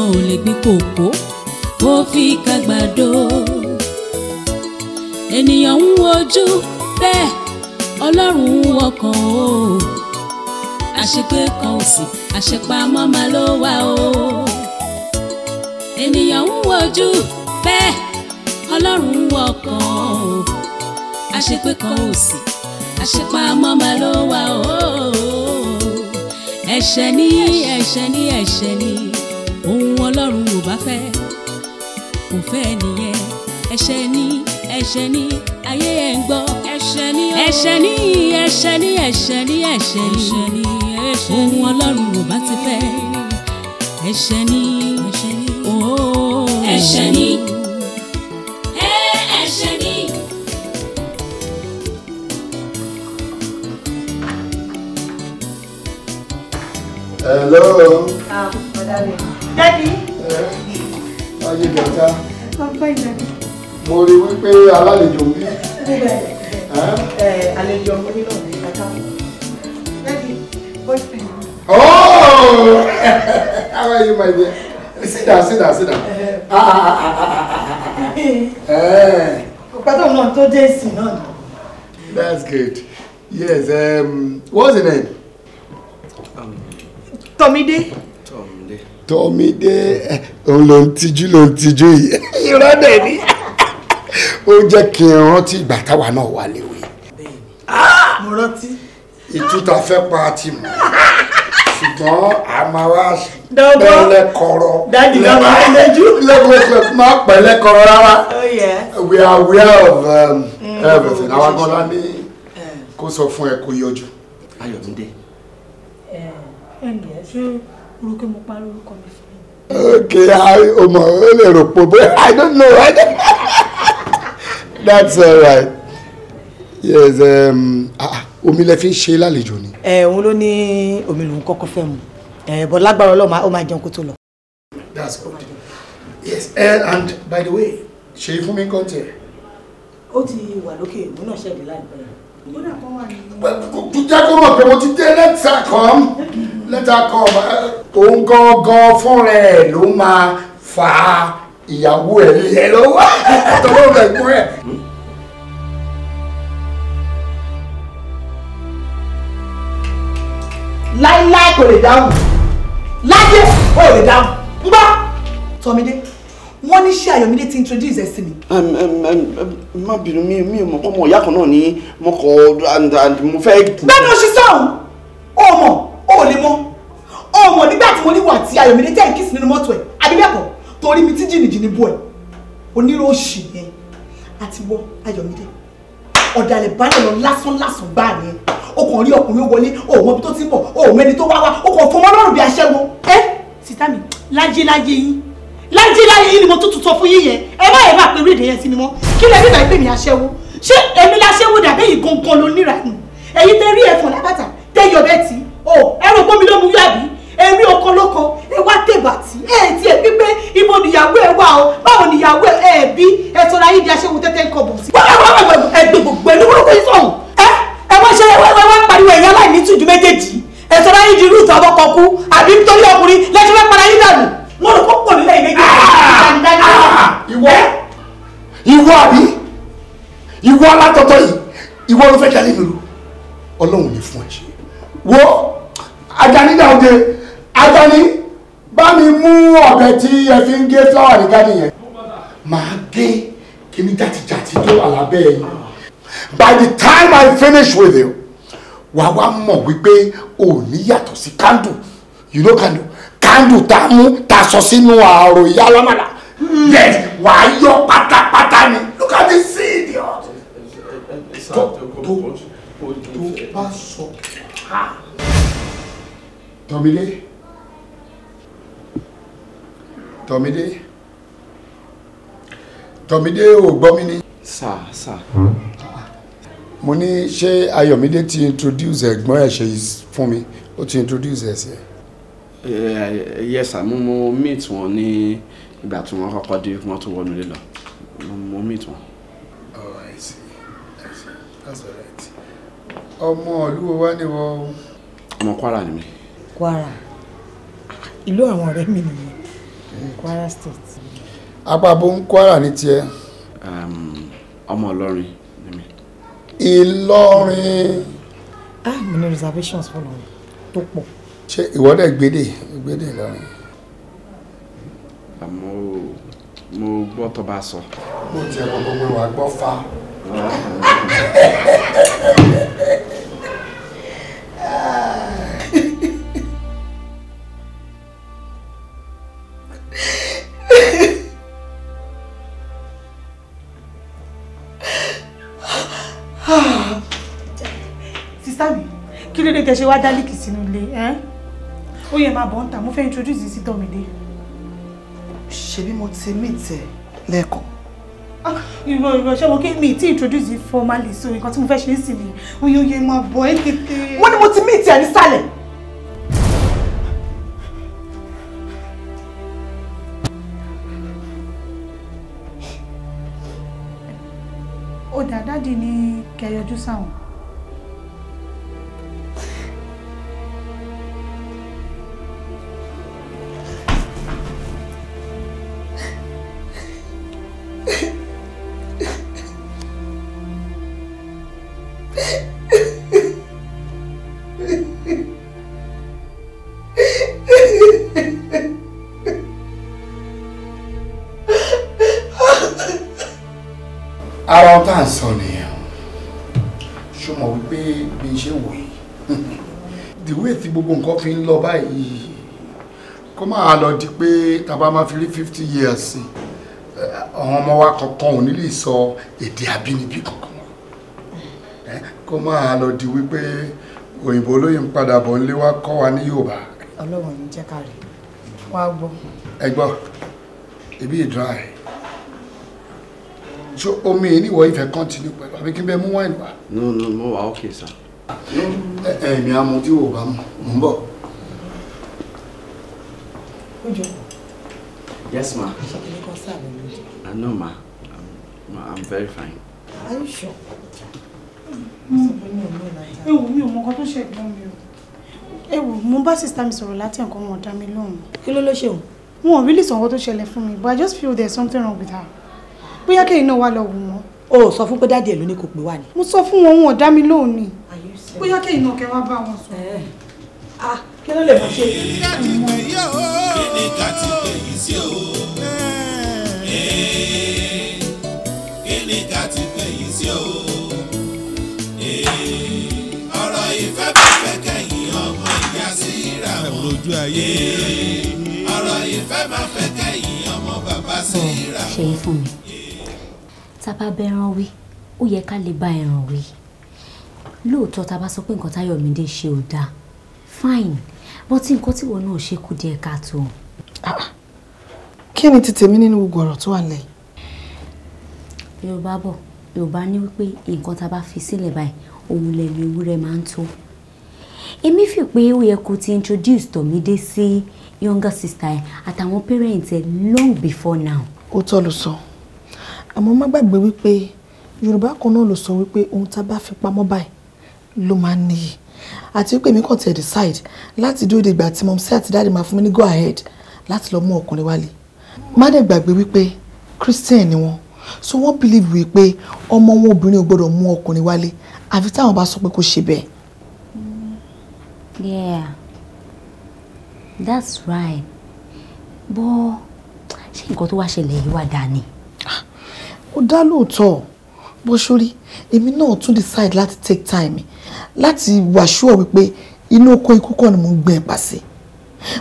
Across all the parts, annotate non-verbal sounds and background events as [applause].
kan ò lè gbin kòkó ó fi kàgbàdo ènìyàn ń wojú bẹ́ẹ̀ ọlọ́run ń wọkàn o àṣepé kan ò sí àṣepamọ́ máa ló wà o ènìyàn ń wojú bẹ́ẹ̀ ọlọ́run ń wọkàn o àṣepé kan ò sí àṣepamọ́ máa ló wà o ẹ̀ṣẹ̀ ni ẹ̀ṣẹ̀ ni ẹ̀ṣẹ̀ ni ohun ọlọ́run ò bá fẹ́ kò fẹ́ nìyẹn ẹ̀ṣẹ̀ ni ẹ̀ṣẹ̀ ni ayé ẹ̀ ń gbọ́ ẹ̀ṣẹ̀ ni ẹ̀ṣẹ̀ ni ẹ̀ṣẹ̀ ni ẹ̀ṣẹ̀ ni ẹ̀ṣẹ̀ ni ohun ọlọ́run ò bá ti fẹ́ ẹ̀ṣẹ̀ ni ẹ̀ṣẹ̀ ni. Oh. Hello. Um, Daddy. Ayé gàtá. Mo rí wípé alálejò ń bí. Àlejò ọmọ nínú ọ̀gbìn gàtá. Daddy, boyfriend. Oh! [laughs] How are you, my dear? Sit down, sit down, sit down. Ah, ah, ah, [laughs] Ọ̀pátá ọ̀nà tó dé ìsìn náà. That's good. Yes, um, what's the name? Um, Tomide tọ́mídé òun ló ń tijú ló ń tijú yìí [laughs] irọ́ dẹ̀ ni ó jẹ́ kí n rántí ìgbà táwa náà wà léwe. mo rántí. ìtúta fẹ́ pa ti mọ̀ ṣùgbọ́n a máa wá pẹ̀lẹ́ kọ̀rọ̀ lẹ́gbẹ̀ẹ́ máa pẹ̀lẹ́ kọ̀rọ̀ rárá oh, we are aware of um, everything àwọn agbọ́nlá ní eh. kó sọ fún ẹ kó yọjú. Eh. Ayọ̀túndé. ẹ eh. ẹ ǹjẹ́ ṣé okay i ọmọ ó lè [laughs] i don't know i don't [laughs] that's all right. yes um, ah, omi lẹ fi ń ṣe lálejò ni. eh, òun ló ní omi lòun kọ́kọ́ fẹ́ mu ẹ bọ lágbára Ọlọ́run ó máa jẹun kó tó lọ. that's good yes and by the way she fún mi kàn tiẹ. ó ti wà lókè òun náà ṣẹ̀dí láìpẹ́. kódà kan wà nínú. jẹ́ kó mọ̀ pé mo ti dé let's come lẹ́tà kan òun gangan fúnra ẹ̀ ló máa fa ìyàwó ẹ̀ lé lọ́wọ́ tọ́wọ́ rẹ̀ gbọ́ ẹ̀. láíláí kò lè dáhùn láyé ó lè dáhùn ń gbọ́ wọ́n ní ṣé àyọ̀mídé ti introduce ẹ sí mi. má bínú mi mi ò mọ̀ ọmọ ìyá kan náà ní mo and and mo fẹ́. bẹ́ẹ̀ ni o ṣe sọ̀rọ̀ o mọ̀ o lè mọ ọmọ nígbà tí mo níwà tí ayọ̀mídé tẹ̀ ń kí sí nínú mọ́tò ẹ̀ àbíbẹ̀kọ̀ torí mi tí jìnnìjìnnì bu ẹ̀ oníròṣì yẹn àti wọ ayọ̀mídé ọ̀dàlẹ̀ balẹ̀ lọ lásán lásán yẹn o kàn rí ọkùnrin wọlé o ò mọ ibi tó ti ń bọ̀ o ò mọ ẹni tó wá wá o kàn fọmọ lọ́rùn bí aṣẹ́wó. ẹ sítá mi lájé lájé yín lájé láyé yìí ni mo tún tún sọ fún yín yẹn ẹ má yẹ má pé orí èdè yẹn sí ni mọ kí lẹ bíbá ìpè mí aṣẹ́wó ṣé èmi láṣẹ́wó dàbẹ́ yìí gangan ló níra nù èyí tẹ rí ẹ̀fọn lábàtà tẹ yọ̀bẹ tì í o ẹrù pọ́nmi ló mú yàbí èmi ọkọ lọkọ ẹ wá tèbàtì ẹ ti ẹ pípé ibo nìyàwó ẹ wà o báwo nìyàwó ẹ bí ẹ tọ́ra yín di aṣẹ́wó tẹ́tẹ́ ń kọ bọ̀ sí. wọ́n wá wá ẹgbẹ́ gbogbo ẹni wọ́n fi sọ̀rọ̀ ẹ ẹ wọ́n ṣe wọ́n wá pariwo ẹ̀yà láì ní tùjú méjèèjì ẹ tọ́ra yín di irú ìtọ́ ọkọ̀ kú àbí nítorí ọkùnrin lẹ́jọ́ fẹ́ para yín dànù. wọ́n rò pọ̀ nílẹ̀ ìwé ìwọ ìwọ àbí Ajani Daoje Ajani bá mi mú ọ̀bẹ tí ẹ fi ń gé fúláwà ní gádì yẹn màá gé kíní jàtìjàtì tó wà yìí by the time I finish with you wà wá mọ̀ wípé ò ní yàtọ̀ sí candle you know candle candle tá a mú tá a sọ sínú ààrò ìyá ọlọ́mọdà yes wà á yọ pátápátá ni look at this idiot tó tó tó bá sọ Tọ́mídé Tọ́mídé Tọ́mídé ò gbọ́ mi ní. sir. sà. mo ní ṣé Ayọ̀mídé ti introduce ẹ̀gbọ́n ẹ̀ ṣe fún mi ó ti introduce ẹ̀ sí yes sà mo mo meet wọn ní ìgbà tí wọ́n kọ́kọ́ dé wọ́n tó wọnú ilé lọ mo meet wọn. oh i see i see that's all right. ọmọ ìlú wo wá ni wọ́n. ọmọ Kwara ni mi. Kwara ìlú àwọn ọ̀rẹ́ mi nìyẹn hmm. Kwara State. apapọ ń Kwara ní tiẹ. ọmọ Ìlọrin ni mi. Ìlọrin. ah mi ní reservations fọlọ tó pọ̀. ṣé ìwọ dẹ gbede. Gbede Ìlọrin. àmọ́ mo gbọ́ tó bá sọ. mo tiẹ̀ kọ́ gbogbo wa gbọ́ fa. ah. [laughs] lè tẹ̀ ṣe wá dálíkì sínú ilé ẹ́ ó yẹ máa bọ̀ ń tà mo fẹ́ introduce sí tọ́mìdé. ṣebí mo ti mí tẹ lẹ́ẹ̀kan. Ah, irọ́ irọ́ ṣé mo kí mi ti introduce formally so nǹkan tí mo fẹ́ ṣe é sì ni oye oye máa bọ̀ ẹ́ kékeré. wọ́n ní mo ti mí tẹ nísàlẹ̀. ó dàdádì ní kẹyọjú sáwọn. sọ nìyẹn ṣó mọ̀ wípé bí n ṣe wò yìí [laughs] the way tí gbogbo nǹkan fi ń lọ báyìí kó máa lọ di pé tàbá máa fi rí fifty years sí eh, àwọn ọmọ wa kankan ò ní lè sọ èdè abínibí kankan eh, kó máa lọ di wípé òyìnbó olóyìn padà bọ̀ ń lé wá kọ́ wa ní Yorùbá. Ọlọ́run ní jẹ́ ká rí wá gbọ́. ẹ gbọ́ ebi ìdúrà rẹ̀ so omi yìí ni ìwọ ìfẹ́ continue pẹ̀lú àbí kí n bẹ wine, wáìnì wá. no no mo wà ok sir. ẹ eh, mi àmọ tí wò bá mọ mò ń bọ̀. yes ma. i know ma i'm, ma, I'm very fine. are you sure. Eh, wò mí o mọ nǹkan tó ṣẹ̀gbọ́n mi o. ẹ wò mo bá sista mi sọ̀rọ̀ láti nǹkan wọn ò dá mi lóhùn. kí ló ló ṣe òun. wọn ò rí lè sọ mi but i just feel there's something wrong with her bóyá kẹ́yìn náà wà lọ wù wọ́n. o sọ fún pé dáàdi ẹ̀ ló ní kò pé wà ní. mo sọ fún wọn wọn ò mi lóhùn ni bóyá kẹ́yìn náà kẹ́ wá bá wọn sọ. Eh. Ah, kí ló lè mọ ṣe. kíníkà ti o. ti pè yí sí o. kíníkà ti pè yí sí o. ọ̀rọ̀ ìfẹ́ pẹ̀pẹ̀ kẹ́yìn ọmọ ìyá sí ìrà wọn. ọ̀rọ̀ ìfẹ́ máa fẹ́ kẹ́yìn ọmọ bàbá sí ìrà wọn. ṣe é fún mi tá a bá wí ó yẹ ká lè bá ẹran wí lóòótọ́ tá a bá sọ pé nǹkan táyọ̀mídé ṣe ò dáa fine but nǹkan tí wọn náà ṣe kù díẹ̀ káàtó. Ah, kí ni ti tèmi nínú gbogbo ọ̀rọ̀ tó wà lẹ́yìn. yorùbá bọ̀ yorùbá ní wípé nǹkan tá a bá fi sílẹ̀ báyìí òun lẹ́nu ewúrẹ́ máa ń tó. èmi fi pé ó yẹ kó ti introduce tọ̀mídé sí younger sister ẹ̀ àtàwọn parents ẹ̀ long before now. ó tọ́ ló sọ. So àmọ́ má gbàgbé wípé yorùbá kan náà ló sọ wípé ohun tá a bá fi pamọ́ báyìí ló máa ń níyì àti wípé mi kàn tiẹ̀ decide láti dúró de ìgbà tí mọ̀mísí àti dáàdì máa fún mi ní go ahead láti lọ mú ọkùnrin wálé má dẹ̀ gbàgbé wípé christian ni wọ́n so wọ́n believe wípé ọmọ wọn obìnrin ò gbọ́dọ̀ mú ọkùnrin wálé àfi táwọn bá sọ pé kó ṣe bẹ́ẹ̀. yeah that's right But ṣé nǹkan tó wá ṣẹlẹ̀ yìí wá dáa ni ó dá lóòótọ́ bó ṣórí èmi náà tún decide láti take time láti wà sure wípé inú oko ikú kọ́ ni mo ń gbé ẹ̀pà e sí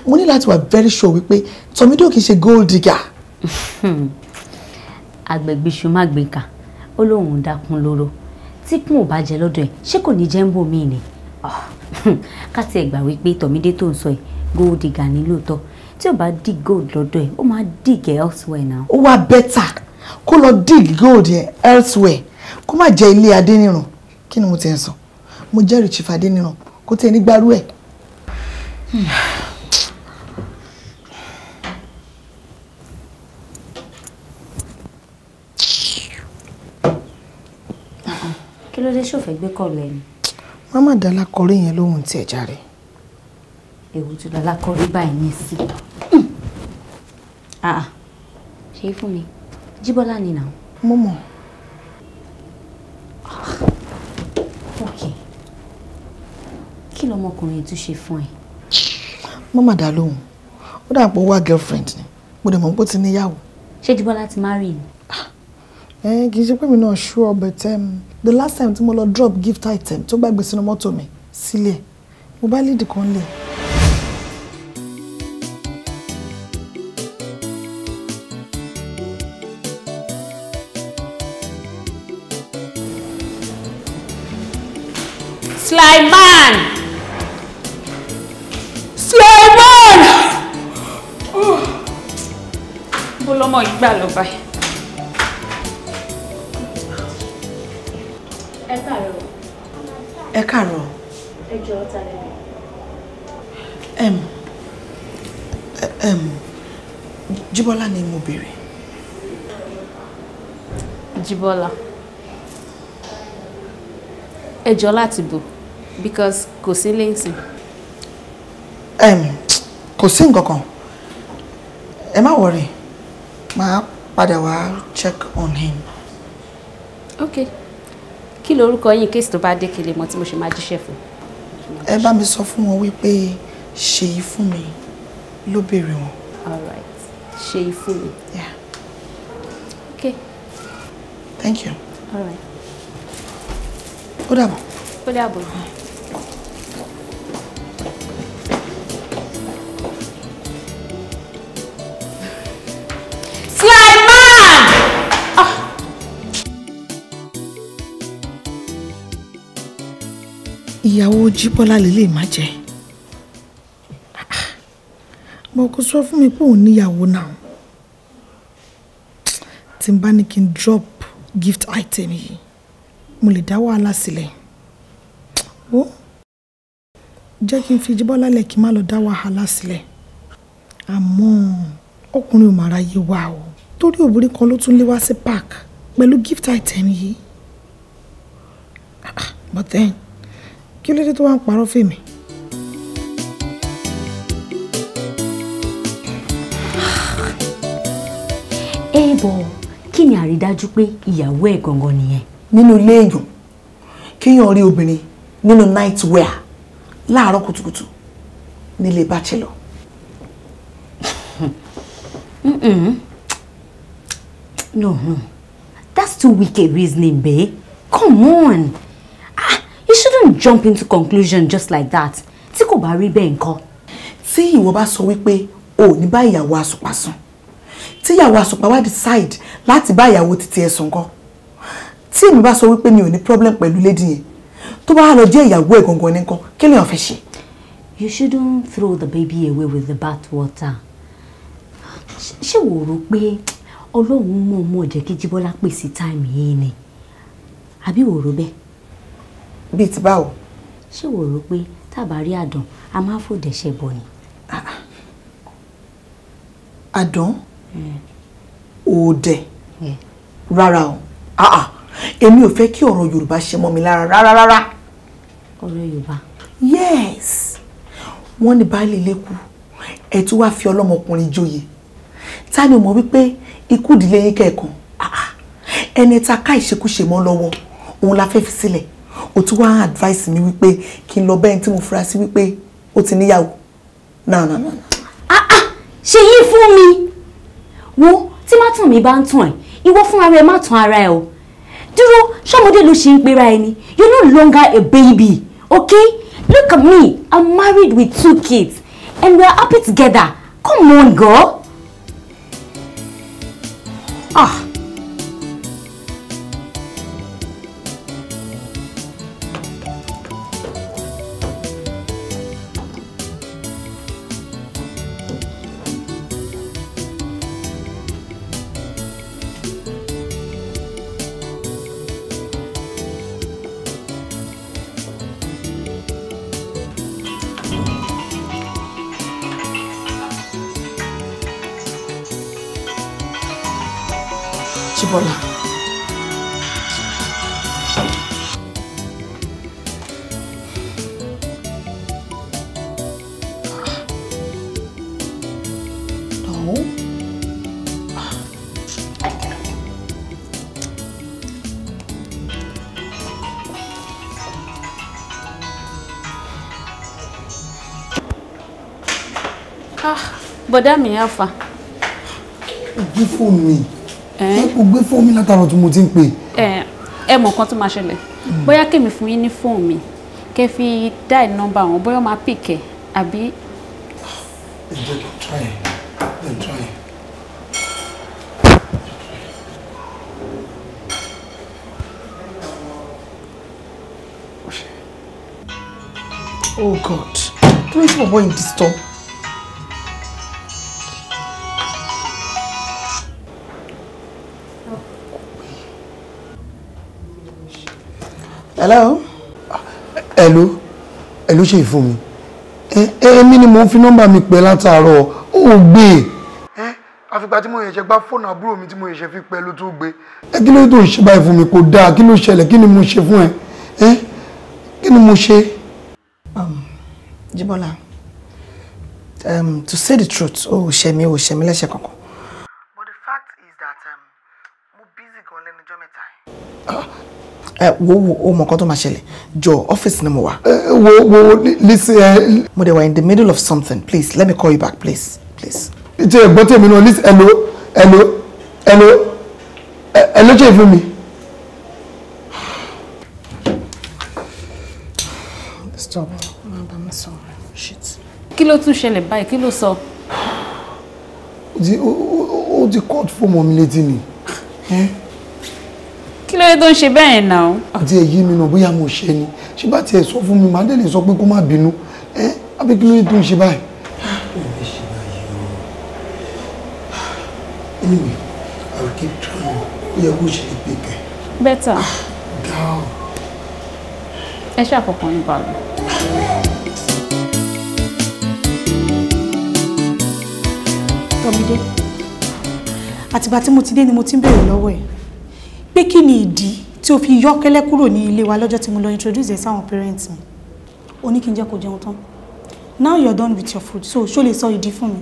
mo ní láti wà very sure wípé tọ́mídò kì í ṣe gold digger. àgbẹ̀gbẹ̀ṣù [laughs] má gbẹ̀ka ó lóun dákun lóró tí kún ò bá jẹ lọ́dọ̀ ẹ̀ ṣé kò ní jẹ́ ń bò mí ni [laughs] ká tiẹ̀ gbà wípé tọ̀mídé tó ń sọ ẹ̀ gold digger ni lóòótọ́ tí ò bá dig gold lọ́dọ̀ ẹ̀ ó máa dig elsewhere now. ó wá better kó lọ dig gold yẹn elsewhere kó má jẹ́ ilé Adéníran kí ni mo ti ń sọ mo jẹ́rìí chief Adéníran kó tẹ̀ ní gbárù ẹ̀. kí ló dé ṣòfẹ́ gbé kọ̀ lẹ́nu. wọ́n má dá lákọ̀ọ́rí yẹn lóhùn tí ẹ̀ járe. èwo tó dá lákọ̀ọ́rí báyìí ní sí. Hmm. Ah, ah. ṣé fún mi. Jíbọ́lá ni náà. Mo mọ̀. Okay. Kí lọmọkùnrin tún ṣe dá lóhùn. Ó dà pé ó girlfriend ni. Mo dẹ̀ mọ̀ pé ó ti níyàwó. Ṣé Jíbọ́lá ti marry ni? Ah, ẹ kì í sure but um, the last time tí mo lọ drop gift item tó gbàgbé sínú mọ́tò mi me. mo bá lédè kan lẹ̀. Sulaiman. Sulaiman. Bó lọ́mọ ìgbà lọ báyìí. Ẹ káàárọ̀. Ẹ káàárọ̀. Ẹ jọ ọ̀tá lẹ́nu. Ẹm. Ẹm. Jíbọ́lá ni mo béèrè. Jíbọ́lá. Ẹ jọ láti because kò sí lẹ́sìn. kò sí nǹkan kan ẹ má worry màá padà wá check on him. ok kí lorúkọ yín kéèsì tó bá dé kele mọ tí mo ṣe máa jíṣẹ́ fún. ẹ bá mi sọ fún wọn wípé ṣèyí fún mi ló béèrè wọn. all right ṣèyí fún mi. yeah. okay. thank you. Alright. right. ó dàbọ̀. ó dàbọ̀. ìyàwó Jíbọ́lá lélẹ̀ má jẹ́ mo kò sọ fún mi pé òun níyàwó náà tí n bá ní kí n drop gift item yìí mo lè dá wàhálà sílẹ̀ ó jẹ́ kí n fi Jíbọ́lá lẹ̀ kí n má lọ dá wàhálà sílẹ̀ àmọ́ ọkùnrin ò màrà yé wa o torí òbúrí kan ló tún lé wá sí park pẹ̀lú gift item yìí ah, ah, but then kí ló dé tó wá ń parọ́ fèmí. ẹ bọ̀ kí ni àrídájú pé ìyàwó ẹ̀ gangan nìyẹn. nínú ilé èèyàn kéèyàn rí obìnrin nínú night wear láàárọ̀ kùtùkùtù nílé bachelor. Mm-mm. no no that's too weak a reasoning babe come on don't jump into conclusion just like that tí kò bá rí bẹ́ẹ̀ nǹkan. tí ìwọ bá sọ wípé o ò ní bá ìyàwó àsùpà sùn tí ìyàwó decide lati bá ìyàwó títí ẹ sùn kan tí èmi bá sọ mi ò ní problem pẹ̀lú lady yẹn tó bá lọ jẹ́ ìyàwó ẹ̀ gangan ní nǹkan kí lèèyàn fẹ́ you shouldn't throw the baby away with the bath water ṣé wò ó rò pé ọlọ́run mọ̀ọ́mọ̀ jẹ́ kí jíbọ́lá pèsè táìmù yìí ni àbí wò bẹ́ẹ̀ bíi ti báwo. ṣé wò rò pé tábàárí àdán a máa fòdè ṣe bọ̀ ni. Ah, ah. àdán òòdẹ eh. eh. rárá o ah, èmi ò fẹ́ kí ọ̀rọ̀ yorùbá ṣe mọ́ mi lára rárá rárá. ọ̀rọ̀ yorùbá. yes wọ́n ní baálé ilé kú ẹ̀ tún wáá fi ọlọ́mọkùnrin joyè ta ni mọ̀ wípé ikú ìdílé yín kẹ̀kan ẹni ta ká ìṣekúṣe mọ́ lọ́wọ́ òun la fẹ́ fi sílẹ̀. Si o tún wá advice mi wípé kí n lọ bẹ́ẹ̀ tí mo fura sí wípé ó ti níyàwó náà náà náà. ah ah ṣe yí fún mi wo tí mátàn mi bá ń tàn ẹ ìwọ fúnra rẹ má tàn ara ẹ o dúró ṣọmọdé ló ṣe ń pera ẹni you no longer a baby okay look at me i'm married with two kids and we are happy together come on girl. ah. bọ̀dá mi á fa. gbé fóònù mi kò gbé fóònù mi látara tí mo ti ń pè. ẹ mọ̀ kan tó máa ṣẹlẹ̀ hmm. bóyá kèmi fún yín ní fóònù mi kẹ́ fi dáì nọ́mbà wọn bóyá máa pìkẹ́ àbí. Oh God, kí ló ń sọ disturb? hello. hello hello ṣe ìfún mi èmi ni mo ń fi nọ́mbà mi pẹ́ látàárọ̀ ó gbé e. àfìgbà tí mo yẹ̀ ṣe gbá fóònù àbúrò mi tí mo yẹ̀ ṣe fi pẹ́ ló tó gbé. ẹ kí ló tó ń ṣe báyìí fún mi kò dáa kí ló ṣẹlẹ̀ kí ni mo ṣe fún ẹ kí ni mo ṣe. Um, Jíbọ́lá um, to say the truth o ò ṣe mí o ò ṣe mí lẹ́sẹ̀ kankan ẹ wo wo o mọ nǹkan tó máa ṣẹlẹ̀ jọ ọ́fíìsì ni mo wà. wo wo lisi mo dey in the middle of something please let me call you back please please. ìjẹ́ ẹ̀gbọ́n tèmi náà lisi hello hello hello hello. ló jẹ́ mi. stop máa bá mi sọ̀rọ̀ shit. kí ló tún ṣẹlẹ̀ báyìí kí ló sọ. ó court form ọmọ mi létí ni kí ló dé tó ń ṣe bẹ́ẹ̀ yẹn náà. àti èyí mi náà bóyá mo ṣe ni ṣé bá tiẹ̀ sọ fún mi màá dé lè sọ pé kó má bínú ẹ àbí kí ló dé tó ń ṣe báyìí. anyway i will keep é pé kẹ. better. gáà. ẹ ṣàkọkàn nípa lọ. tọ́mídé àtìgbà tí mo ti dé ni mo ti ń béèrè lọ́wọ́ ẹ̀ pé kí ni ìdí tí o fi yọ́kẹ́lẹ́ kúrò ní ilé wa lọ́jọ́ tí mo lọ introduce ẹ̀ sáwọn parents mi o ní kí n jẹ́ kó jẹun tán now you're done with your food so ṣó lè sọ ìdí fún mi.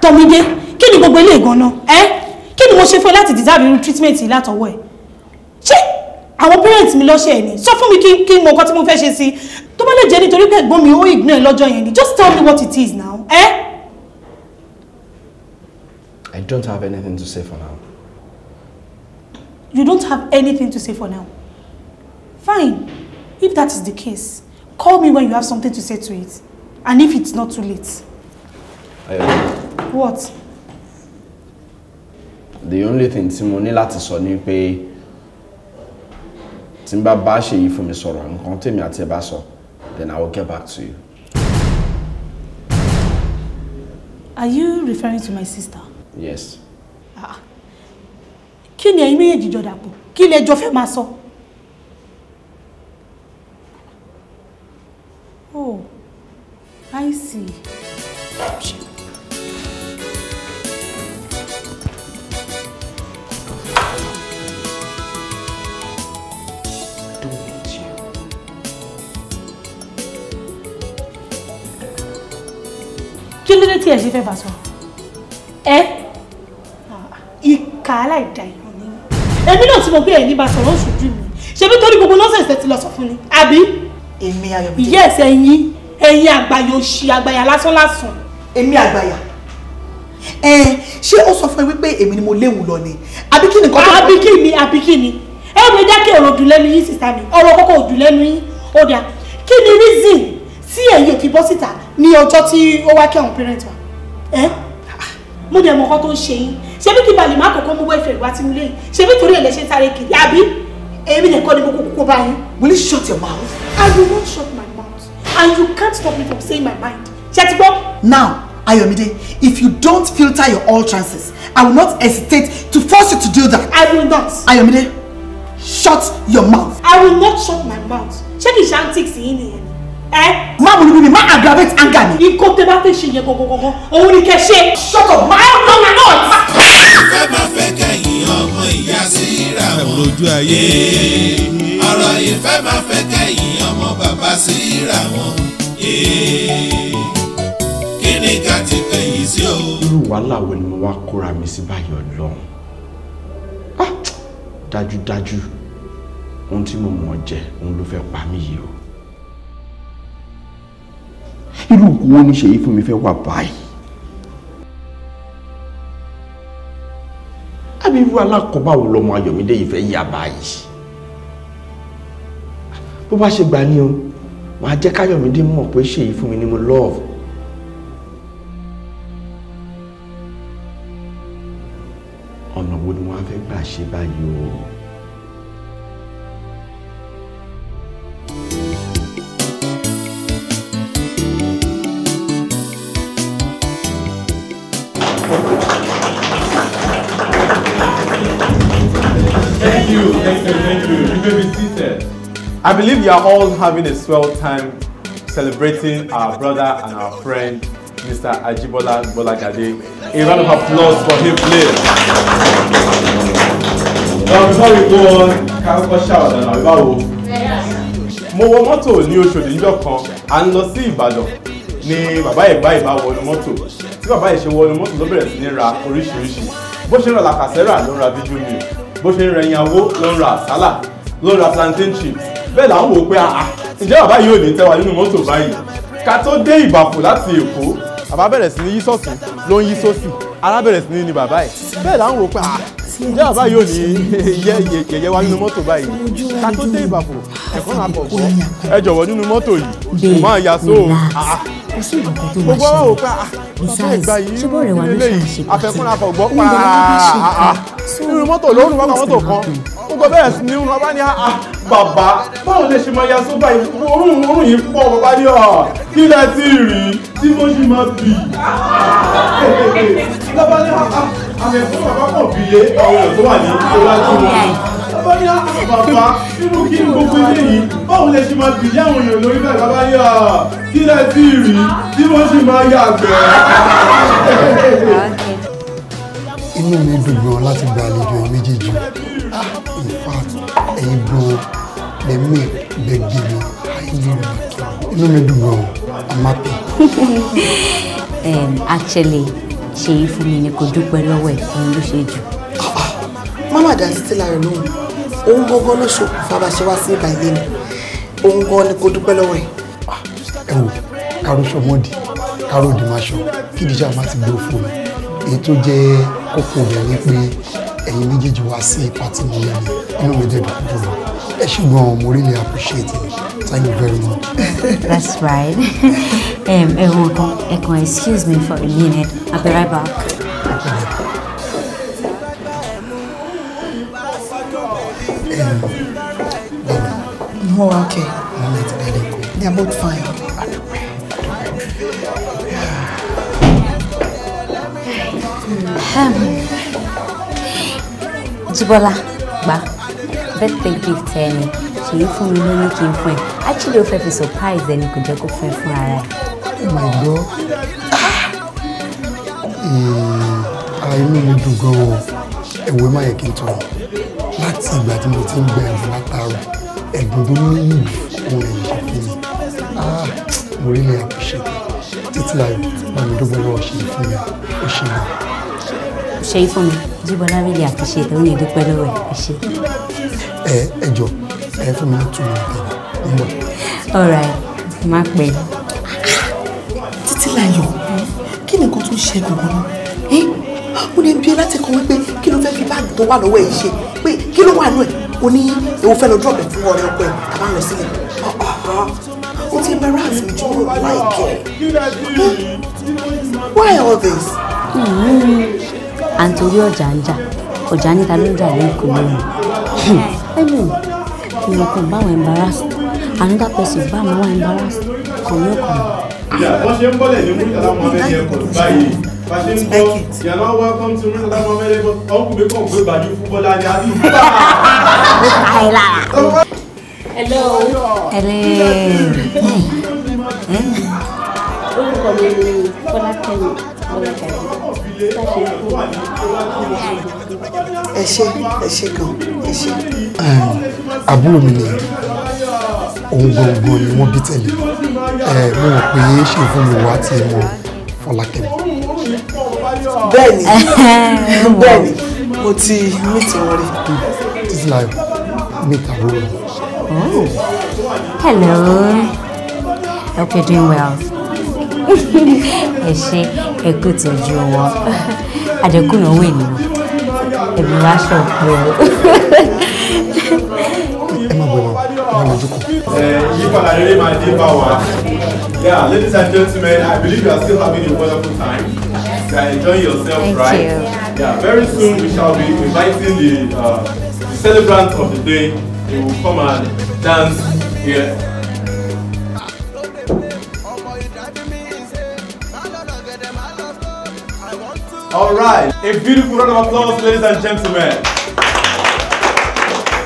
tọ́mídé kí ni gbogbo ilé ìgànná ẹ́ kí ni mo ṣe fún ẹ láti deserve irú treatment yìí látọwọ́ ẹ̀ ṣé àwọn parents mi lọ́ṣẹ̀ ẹ̀ ni sọ fún mi kí kí n mọ nǹkan tí mo fẹ́ ṣe sí i tó bá lè jẹ́ nítorí pé ẹ̀gbọ́n mi ó ignore lọ́jọ́ yẹn ni just tell me what it is now Eh? don't have anything to say for now. You don't have anything to say for now? Fine. If that is the case, call me when you have something to say to it. And if it's not too late. I agree. What? The only thing tí mo ní láti sọ ni pé tí n bá bá ṣe yìí fún mi sọ̀rọ̀ nǹkan tèmi àti ẹ̀ bá then I will get back to you. Are you referring to my sister? yes. Ah. kí ni ẹ̀yin méjèèjì jọ dàpọ̀ kí lẹ jọ fẹ́ máa sọ. oh i see. kí ló dé tí ẹ ṣe fẹ́ bá sọ ẹ ìkà aláìda ìran ni èmi náà tí mo gbé ẹ̀yìn bá sọ̀rọ̀ òṣùjú mi ṣe bí torí gbogbo nọ́ọ̀sẹ̀ ìṣẹ́ ti lọ sọ fún ni àbí. èmi ayọ̀mídé. yes ẹ̀yin ẹ̀yin àgbàyà òṣì àgbàyà lásán lásán. èmi àgbàyà ẹ ṣé ó sọ fún ẹ wípé èmi ni mo léwu lọ ni àbí kí ni nǹkan tó. àbí kí ni àbí kí ni ẹ wọ ẹjẹ kí ọ̀rọ̀ dùn lẹ́nu yín sísá mi ọ̀rọ̀ kọ́kọ́ ò dùn lẹ́nu yín ó dà kí ni reason sí ẹ̀yin òkè mo dẹ̀ mọ nǹkan tó ń ṣe yín ṣebí kí balẹ̀ má kọ̀kọ́ mú wẹ́fẹ̀ wá tí mo lé yìí ṣebí torí ẹ̀ lẹ́sẹ̀ kiri àbí èmi nìkan ni mo kó kókó báyìí. will you shut your mouth. I will not shut my mouth and you can't stop me from saying my mind. ṣe ti gbọ́. now Ayomide, if you don't filter your all utterances, I will not hesitate to force you to do that. I will not. Ayomide, shut your mouth. I will not shut my mouth. Ṣé kìí ṣe antics yìí nìyẹn? ẹ. Eh? má mo níbi mi aggravate anger mi. ikọ́ tẹ bá fẹ́ ṣe yẹn gọ́gọ́gọ́gọ́ òun ni kẹ́ ṣe. shut up my own long not. fẹ́ máa fẹ́ kẹ́yìn ọmọ ìyá sí ra wọn. lójú ayé. Eh, ọ̀rọ̀ yìí fẹ́ máa fẹ́ kẹ́yìn ọmọ bàbá sí ra wọn. Eh, kí ni ká ti kẹ́yìn sí o. irú wàhálà wo ni mo wá kóra mi sí báyìí ọlọ́run ah, dájúdájú ohun tí mo mọ̀ jẹ́ òun ló fẹ́ pa mí yìí o irú òkú wo ni ṣèyí fún mi fẹ́ wà báyìí àbí irú alákọ̀ọ́bá wo lọmọ Ayọ̀mídé yìí fẹ́ yà báyìí bó bá ṣe gbà ní o màá jẹ́ káyọ̀mídé mọ̀ pé ṣèyí fún mi ni mo love ọ̀nà wo ni wọ́n á gbà ṣe báyìí o. you. You may be seated. I believe you are all having a swell time celebrating our brother and our friend, Mr. Ajibola Bolagade. A round of applause for him, please. Now, before we go on, can we shout out and our mo wọ mọ́tò ní Oṣòdì níjọ́ kan à ń lọ sí Ìbàdàn ni bàbá ìbá ìbá wọnú mọ́tò tí bàbá ìṣe wọnú mọ́tò ló bẹ̀rẹ̀ sí ní ra oríṣiríṣi bó ṣe ń ra làkàṣẹ́rà ló ń ra bíjú mi bó ṣe ń rẹ ìyàwó ló ń ra àsálà ló ń ra plantain chips bẹ́ẹ̀ là ń wò ó pé àà ah, ǹjẹ́ bàbá yìí ò ní tẹ́wa nínú mọ́tò báyìí ká tó dé ìbàfò láti èkó bàbá bẹ̀rẹ̀ sí ní yí sọ̀tún ló ń yí sósì ara bẹ̀rẹ̀ sí ní ni bàbá ẹ̀ bẹ́ẹ̀ là ń wò ó pé àà ah, ǹjẹ́ bàbá yìí ò ní [laughs] yẹ̀yẹ̀ wa nínú mọ́tò báyìí ká tó dé ìbàfò ẹ̀kọ́ náà kọ̀ ẹ jọ̀wọ́ nínú mọ́tò yìí kò máa yà sóò àà ah, kò sí nǹkan tó máa ṣẹlẹ̀ besides ṣùgbọ́n ìrẹ̀wà ló ṣàṣe pàtó àfẹ́kúnra kò ní àá ah, ah, bàbá báwo lè ṣe máa ya sóbà òórùn òórùn yìí pọ̀ bàbá ní ah, kí lẹ ti rí tí mo ṣì máa bì bàbá ní àfẹ́kúnra bàbá pọ̀ bìyẹ àwọn èèyàn wà ní iwájú wọn bàbá ní ah, bàbá nínú kí ni gbogbo ilé yìí báwo lè ṣe máa bìlí àwọn èèyàn lórí bẹ́ẹ̀ bàbá ní ah? kí lẹ ti rí tí wọ́n sì máa yàgbẹ́. inú mi dùn gan láti gba àlejò ẹ méjèèjì ah, in fact ẹ̀yin gan lẹ́mí gbẹ̀gẹ̀ mi inú mi inú mi dùn gan i'm happy. [laughs] actually she fún mi ni kò dúpẹ́ lọ́wọ́ ẹ̀ òun ló ṣe mama dá títí lára lóhùn òun gangan ló ṣokùnfà bá ṣe wá sí ìgbà yé mi òun gan ni kò dúpẹ́ lọ́wọ́ ẹ̀. Ah, ẹ wò káró sọmọdì káró di máa ṣọ kí ìdíjà máa ti gbé fún mi èyí tó jẹ́ kókó rẹ̀ ni pé ẹ̀yin méjèèjì wá sí pàtí mi lẹ́nu inú mi dẹ̀ dùn jùlọ ẹ ṣùgbọ́n mo really appreciate it thank you very much. that's right [laughs] ẹ wo kan ẹ kan excuse me for a minute i'll be right back. Okay. Um, oh, no, okay. Mohammed Bello. They are both fine. Um, Jibola, ba. birthday gift ẹ ni ṣèyí fún mi ló ní kí n fún actually ó fẹ́ fi surprise ẹ ni kò jẹ́ kó fún ẹ fún Oh my God. àìní mi dùn gan-an ẹ̀wẹ̀ má yẹ kí n tọrọ láti ìgbà tí mo ti ń gba ẹ̀bùn látara ẹ̀bùn tó ní ìlú ohun ẹ̀yìn kan fún mi ah mo rí ní àkùṣe títí láyò máa mi dúpẹ́ lọ́wọ́ ṣe fún mi ó ṣe mọ́. ṣe é fún mi jíbọlá rèé àkùṣe tó ní ìdúpẹ́ lọ́wọ́ ẹ̀ ṣe. ẹ ẹ jọ ẹ fún mi tún mi tẹ̀lé ń bọ̀. ọ̀rọ̀ ẹ̀ máa pẹ́. títí láyò kí ni nǹkan tó ṣe gbogbo náà eh? mo lè bi láti kàn wípé kí ló fẹ́ fi báàgì tó wà lọ́wọ́ ẹ̀ ṣe pé kí ló wà nù ẹ̀ o ní èwo fẹ́ lọ drop ẹ̀ fún ọ̀rẹ́ ọkọ ẹ̀ àbá lọ sílẹ̀ o ti bẹ̀rẹ̀ àti mi jùlọ láìkẹ́ why all this. Hmm. à ń torí ọjà ń jà ọjà níta ló ń jà ní ìkó lónìí ẹnu hmm. ìmọ̀kàn báwọn embarrassed another person báwọn embarrassed kàn yóò kàn. ìyá bó ṣe ń bọ́lẹ̀ ní mú ìtàlámọ́ abẹ́yẹ kò báyìí. Bàṣẹ ń bọ̀, not welcome to Mr. Mohammed Ebo. Ọkùnrin mi kàn gbé bàjú fún Bọ́lá ni a ti bá. Hello. Hello. ẹ ṣe ẹ ṣe kan ẹ ṣe. Àbúrò mi ni ohun gbogbo ni wọ́n bí tẹ̀lé. Eh, mo rò pé ṣe fún mi wá tí mo Fọlákẹ́mi bẹ́ẹ̀ni bẹ́ẹ̀ni mo ti meet wọn rí. títí láyọ̀ meet àwọn ọmọ. Oh. hello hope you're doing well [laughs] ẹ ṣe ẹ kó tọ́jú wọn àjẹkùnà owó ènìyàn ẹbí wa ṣe ọpẹ́ o. ẹ má bọ̀ ọ́ ẹ lójú kan. yípadà rere máa dé bá wa. ladies and gentlemen, I believe you are still having a wonderful time. can enjoy yourself, Thank right? You. Yeah, very soon we shall be inviting the, uh, the celebrant of the day. He will come and dance here. All right, a beautiful round of applause, ladies and gentlemen.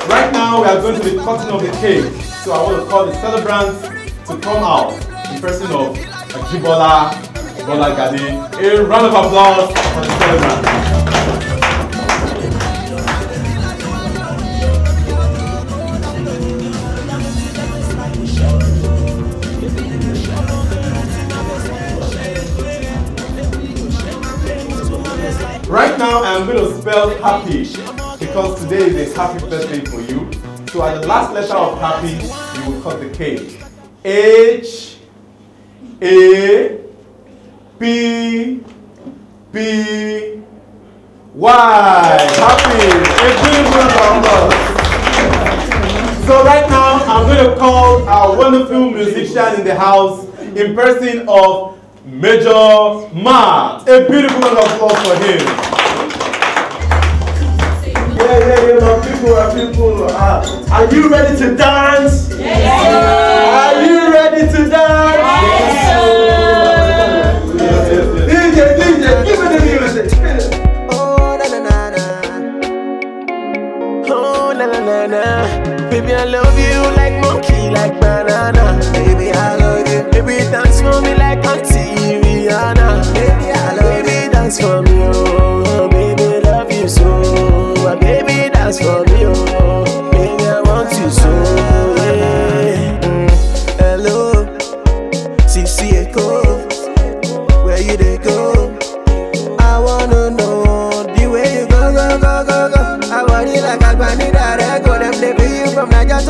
Right now, we are going to be cutting off the cake. So I want to call the celebrant to come out in person of Ajibola Bola Gade. A round of applause for the Right now, I'm going to spell happy because today is a happy birthday for you. So at the last letter of happy, you will cut the cake. H A P, P, Y. Happy. A beautiful round of So right now, I'm going to call our wonderful musician in the house in person of Major Ma. A beautiful round of applause for him. Yeah, yeah, yeah, my people, my people. Uh, are you ready to dance? Yes. Are you ready to dance? Yes. na Baby, I love you like monkey, like banana. Baby, I love you. Baby, dance for me like Auntie Rihanna. Baby, I love baby, you. dance for me, oh. oh baby, love you so. Baby, dance for me, oh. oh baby, I want you so. Yeah.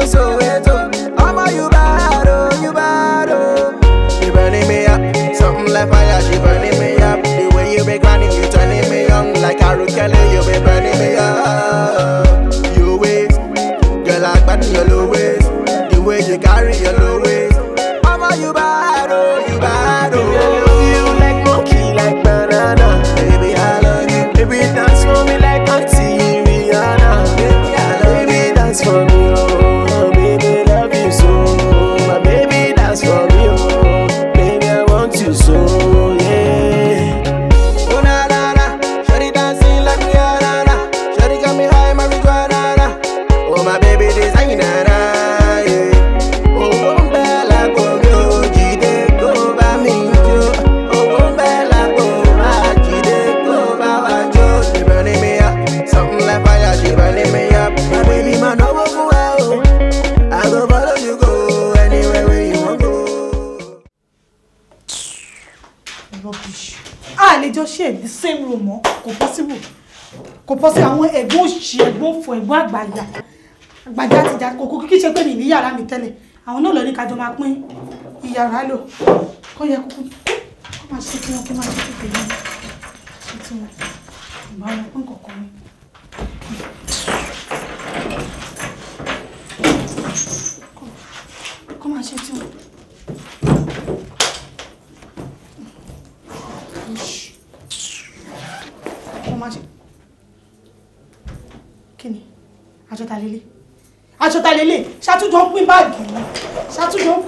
So Soweto. Oh. I'm a you bad, oh, you bad, oh. You burning me up, something like fire, she burning me up. The way you be grinding, you turning me young like a Kelly. you be burning me ọkọ̀ ìbú àgbàyà àgbàyà ti jà kókó kí ṣe pé mi ní yàrá mi tẹ́lẹ̀ àwọn náà lọ ní kájọ máa pín ìyàrá lò kó yẹ kúkú.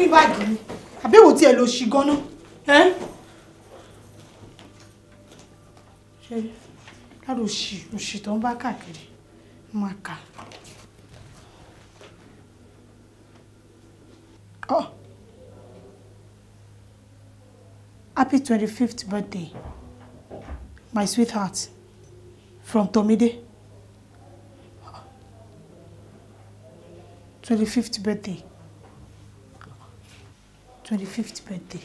ní báàgì ni àbẹ̀wò tí ẹ lò ṣì gan-an ẹ́ ṣe lára òṣì òṣì tó ń bá káàkiri máa kà oh. happy twenty fifth birthday my sweetheart from Tomide oh. twenty fifth birthday twenty fifth birthday.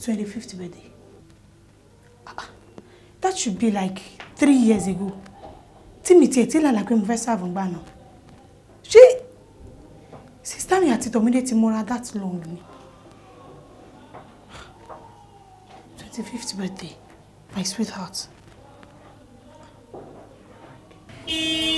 twenty fifth birthday. That should be like three years ago. Tí mi tiẹ̀ tí lálàá pé mo fẹ́ sáàbù ń gbà náà. Ṣé sísítà mi àti that long twenty fifth birthday, my sweetheart. Música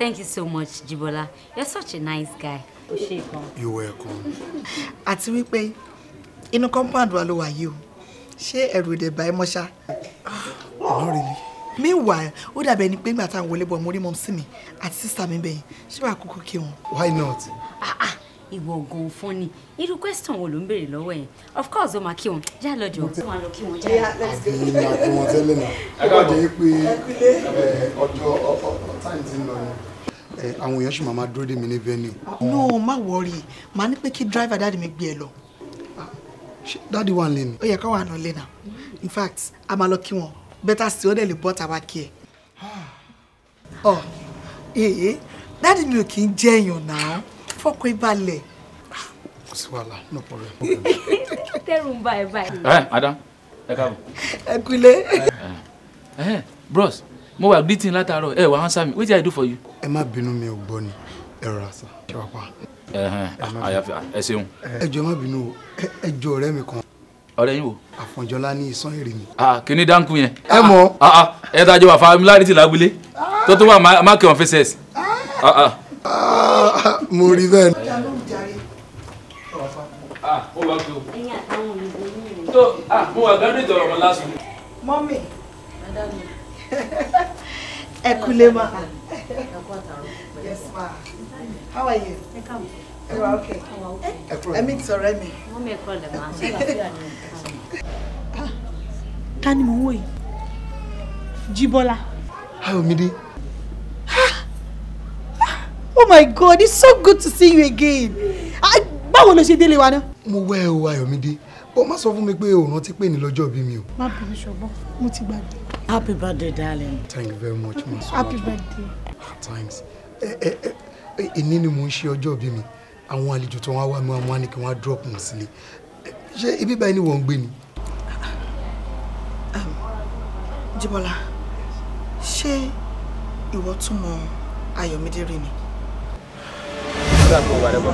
Thank you so much, Jibola. You're such a nice guy. You're welcome. Àti wípé inú compound wa ló wà yìí o. Ṣé ẹ̀rù de ba mo sha? Oh, really? Meanwhile, would have been ni pé ǹgbà tá wọlé bọ̀ mo rí mom sister mi bẹ́ẹ̀. Ṣé cook kúkú kí Why not? Ah ah. Ìwọ gan fún ni. Irú question wo ló ń béèrè Of course Oma máa kí wọn. Já lọ jọ. Ó máa lọ kí wọn já. Yeah, let's go. Ni ma ko wọn tẹ́lẹ̀ náà. Ẹ ká jẹ́ pé eh, ọjọ́ time tin àwọn èèyàn sì máa máa dúró dè mí ní venue. no má wọrí màá ní pé kí driver dáàdì mi gbé ẹ lọ. Ah, dáàdì wà nílé ni. ó yẹ ká wà náà in fact a máa lọ kí wọn bẹ́tà sí ó dẹ̀ lè bọ́ tàwa kí ẹ. ọ èyí dáàdì mi ò kì í jẹ́ èèyàn náà fọkọ ìbalẹ̀. Ah, kò sí wàhálà no problem. [laughs] tẹ́rù ń bá ẹ báyìí. ẹ eh, madam ẹ káàbọ̀. ẹ kúlẹ̀. Eh, eh, bros mo wà greeting látàárọ̀ ẹ wà answer me wetin i do for you ẹ má bínú mi ò gbọ́ ni ẹ̀rọ àṣà ṣe wá pa. àyàfi ẹ ṣeun. ẹ jọ̀ọ́ má bínú o ẹ jọ̀ọ́ ọ̀rẹ́ mi kan. ọ̀rẹ́ yín wo. àfọ̀njọ́lá ní ìsán èrè mi. Ah, kíní dáńkù yẹn. ẹ mọ. Ah, ah, ẹ dájọ́ wà fámiláàrìtì lábúlé tó tó wà máàkì wọn fẹsẹ̀ ẹ̀sì. mo rí bẹ́ẹ̀ ni. ó wá gbé o. tó mo wà gbẹ́rù ìtọ̀rọ̀ ọmọ lásán. mọ́mì. [laughs] ẹ yes ma how are you. ẹ wà ok ẹ mi tọrẹ mi. [laughs] Ah. ta ni mo ń wò yìí Jíbọ́lá. Ah. Ah. oh my god it's so good to see you again báwo ló ṣe délé wa náà. mo wẹ́ o Ayọ̀mídé ó má sọ fún mi pé o rántí pé ní lọ́jọ́ bí mi o. má bínú ṣọgbọ́n mo ti gbàgbé. happy birthday darling. thank you very much ma so happy birthday. Ah, thanks èní ni mo ń ṣe ọjọ́ bí mi àwọn àlejò tó wá wá mi wá ní kí wọ́n á drop mi sílé ṣé ibi báyìí ni wọ́n ń gbé ni. Ah, ah, um, Jíbọ́lá ṣé ìwọ tún ni àpò ìwà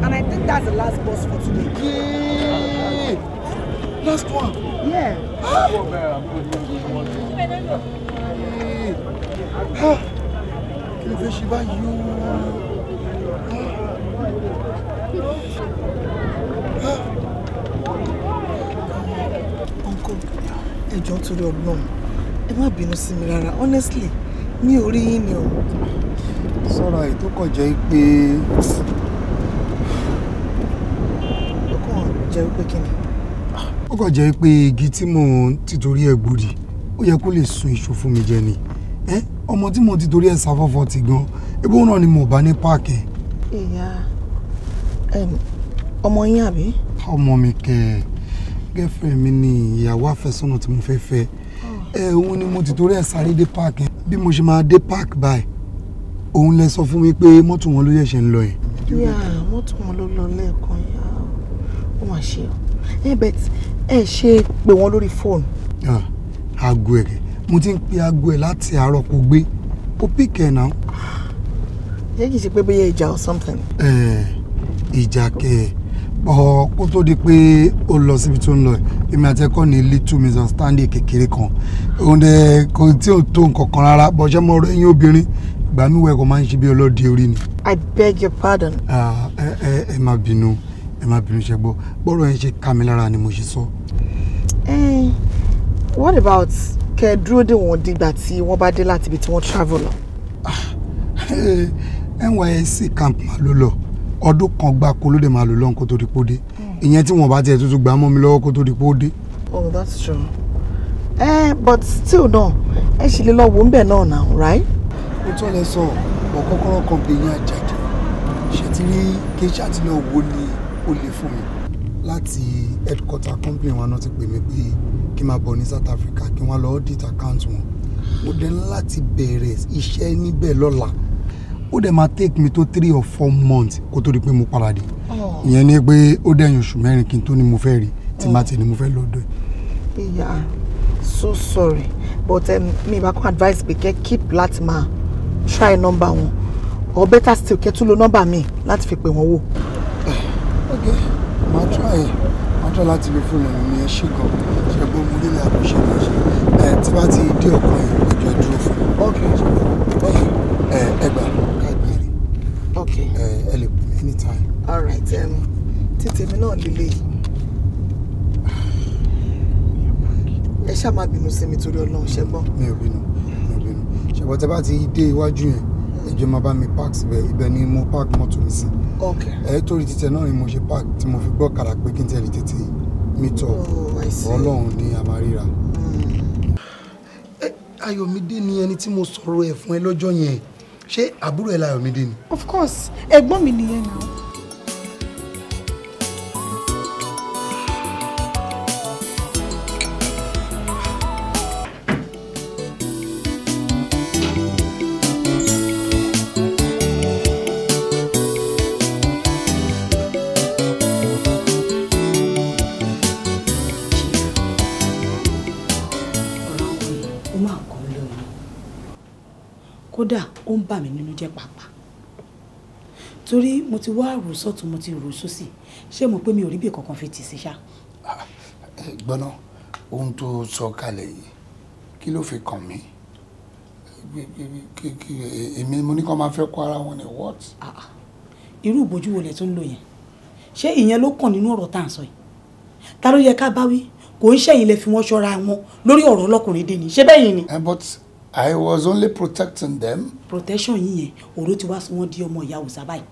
And I think that's the last bus for today. Yeah. Last one? Yeah. Ah. Oh. Kí ló fẹ́ ṣe báyìí o? Uncle, ẹjọ́ torí ọgbọ́n, ẹ má bínú sí mi rárá, honestly, mi ò rí yín ni o. Sọ́ra ètò kàn jẹ́ pé. Ó kàn jẹ́ wípé kí ni? ó kàn jẹ́ pé igi tí mò ń tìtorí ẹ̀ gbòdì ó yẹ kó lè sun iṣu fún mi jẹ ni ọmọ tí mo ti torí ẹ̀ sáfọ́fọ́ ti gan ebó náà ni mo bá ní páàkì. ìyá ọmọ yín àbí. ọmọ mi kẹ gẹ́fẹ̀ mi ni ìyàwó àfẹ́sọ́nà tí mo fẹ́ fẹ́ ẹ òun ni mo ti torí ẹ̀ sáré dé páàkì bí mo ṣe máa dé páàkì báyìí òun lẹ sọ fún mi pé mọ́tò wọn ló yẹ̀ṣẹ̀ ń lọ yẹn. yà mọ́tò wọn ló lọ lẹ́ẹ̀kan yà ó mà ṣe ọ ẹ bẹ́ẹ̀ ẹ ṣe pé wọ́n lórí fóònù. aago ẹ̀ mo ti ń pe aago ẹ̀ láti àárọ̀ kò gbé ó pìkẹ́ náà. jẹ́ kìí pé bóyá ìjà or something. ìjà kẹ ọ tó di pé ó lọ síbi tó ń lọ èmi àti ẹkọ ní little misunderstanding kékeré kan òun dẹ kò tí ò tó nǹkan kan rárá bọ́sẹ̀ mọ́ ọ̀rọ̀ ẹ̀yìn obìnrin ìgbà mi wẹ̀ kó máa ń ṣe bí ọlọ́dẹ orí ni. I beg your pardon. ẹ ẹ ẹ má bínú má bínú ṣe gbọ́ bọ́rọ̀ yẹn ṣe ká mi lára ni mo ṣe sọ. Eh, what about kẹ dúró dè wọ́n dìgbà tí wọ́n bá dé láti ibi tí wọ́n travel lọ. Ah, eh, NYSC camp máa ló lọ ọdún kan gbáko ló dé máa lò lọ́n kó tó di pó dé hmm. ìyẹn tí wọ́n bá tiẹ̀ tuntun gbà mọ́ mi lọ́wọ́ kó tó di pó dé. oh that's true eh, but still náà ẹ ṣì lè lọ wò ń bẹ̀ náà now right. ó tọ́ lẹ sọ ọ̀kọ́kọ́rọ́ kan pé yín àjàjì ṣètìlẹ́ kéṣà tí lọ́ọ́ wò ni ó le fún mi láti headquarter company wọn ti pè mí pé kí n máa bọ̀ ní South Africa kí wọ́n lọ audit account wọn mo dẹ̀ láti bẹ̀rẹ̀ iṣẹ́ níbẹ̀ lọ́la ó dẹ̀ máa take mi tó three or four months kó tó di pé mo padà oh. ìyẹn ni pé ó dẹ̀yìn oṣù mẹ́rin kí n tó ní mo fẹ́ rí tí má oh. ti ní mo fẹ́ lọ́dọ̀ ẹ̀. ìyá so sorry but um, mi ìbá kan advice pé kẹ́ keep láti máa try number wọn or better still kẹ́ tún lo number mi láti fi pè wọ́n wò ok màá try màá try láti lè fún ìrìn mi ẹ ṣe gan ṣẹgbọn mo nílò àkọṣe náà ṣe ẹ tí bá ti dé ọkàn yìí ìjọ dúró fún mi. ok ok ẹ ẹgbà kágbére ok ẹ ẹ lè pè mí anytime. all right um, tètè mi náà líle yìí ẹ ṣáà má bínú sí mi torí Ọlọ́run ṣẹgbọn. mi ò bínú mi ò bínú ṣẹgbọn tẹ bá ti dé iwájú yẹn ẹjọ máa bá mi park síbẹ̀ ibẹ̀ ni mo park mọ́tò mi sí ẹ torí títẹ náà ni mo ṣe park tí mo fi gbọ́ kàrà pé kí n tẹ̀lé tètè meet up oh, ọlọ́run ni a máa ríra. Hmm. Eh, ayọ̀mídé ni ẹni tí mo sọ̀rọ̀ ẹ̀ fún ẹ lọ́jọ́ yẹn ṣé àbúrò ẹ̀ láyọ̀mídé ni. of course ẹ̀gbọ́n mi nìyẹn náà. ń bà mí nínú jẹ́ pàápàá torí mo ti wá rò sọ́tún mo ti rò sósì ṣé mo pé mi ò rí bí kankan fi tì sí ṣá. gbọ́nà ohun tó sọ kalẹ̀ yìí kí ló fi kàn mí èmi mo ní kí wọ́n máa fẹ́ kó ara wọn ní what. Ah, irú ìbòjú wo lẹ tún ń lò yẹn ṣé ìyẹn ló kàn nínú ọ̀rọ̀ tá à ń sọ yìí ta ló yẹ ká bá wí kò ń ṣẹ̀yìn lẹ fi wọ́n ṣọ́ra wọn lórí ọ̀rọ̀ ọlọ́kùnrin dé ni ṣé bẹ́ẹ̀ yìí ni. Eh, I was only protecting them. Protection yìí yẹn, òró ti wá sọ di ọmọ ìyá òòsà báyìí.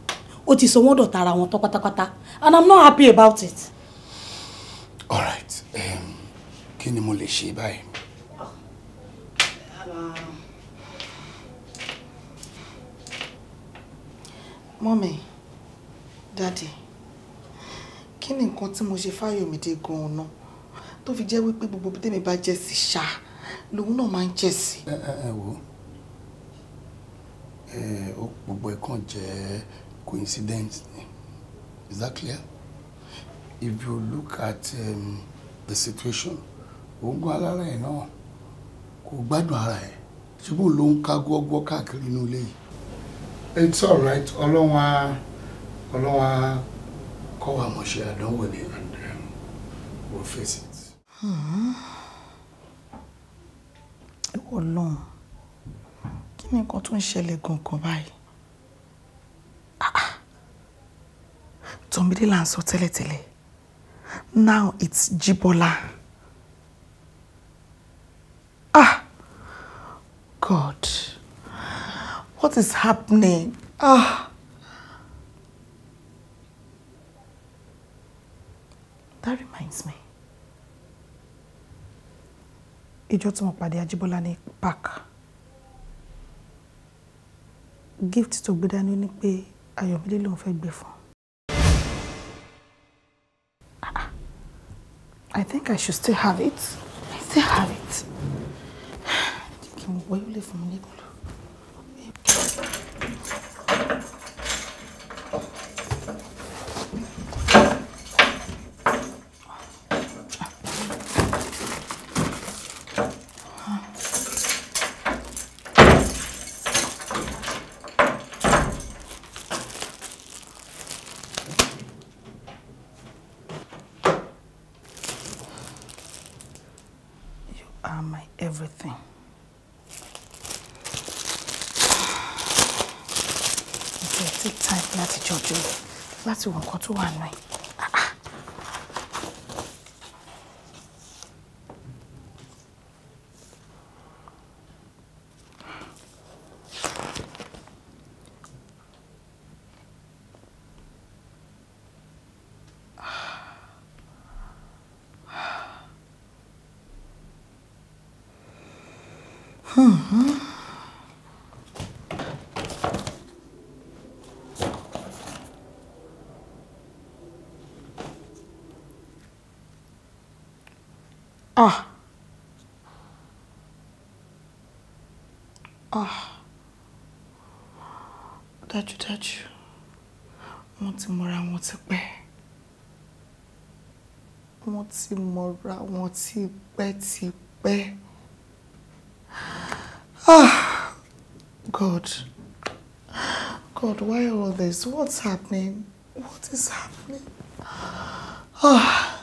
Ó ti sọ wọ́n dọ̀tá ara wọn tán and I'm not happy about it. All right, um, kí ni mo lè ṣe báyìí? Mọ́mì, dáàdì, kí ni nǹkan tí mo ṣe Fáyọ̀mídé gan-an náà tó fi jẹ́ wípé gbogbo bí tèmi bá jẹ́ sí ṣáá? lòun náà máa ń jẹ̀ sí. ẹ ẹ wo gbogbo ẹ jẹ́ coincidence is that clear if you look at um, the situation oògùn alára ẹ náà kò gbádùn ara ẹ ṣùgbọ́n ló ń ká gbọ́gbọ́ káàkiri inú ilé yìí. it's all right ọlọ́wọ́n á kọ́ wa mọ̀ ṣe àdánwò ni and um, we'll face it. Hmm ìwọ Ọlọ́run kí ni nǹkan tó ń ṣẹlẹ̀ gangan báyìí ah, ah. Tọ́mídé là ń sọ tẹ́lẹ̀tẹ́lẹ̀ now it's Jibola. ah God what is happening ah. ọjọ́ tí mo pàdé Ajíbọ́lá ní park gift tó gbé dání ní pé Ayọ̀mídé lòun fẹ́ gbé fún. I think I should still have it. I still have it. Jẹ́ kí n wọ́yọ́ lè fún mi ní ìgbọ̀lọ́. 我做不完嘞。嗯。Ah. Ah. Dájúdájú. Wọ́n ti mọ̀ra wọn ti pẹ́. Wọ́n ti mọ̀ra wọn ti pẹ́ ti pẹ́. Ah. God. God, why all this? What's happening? What is happening? Ah.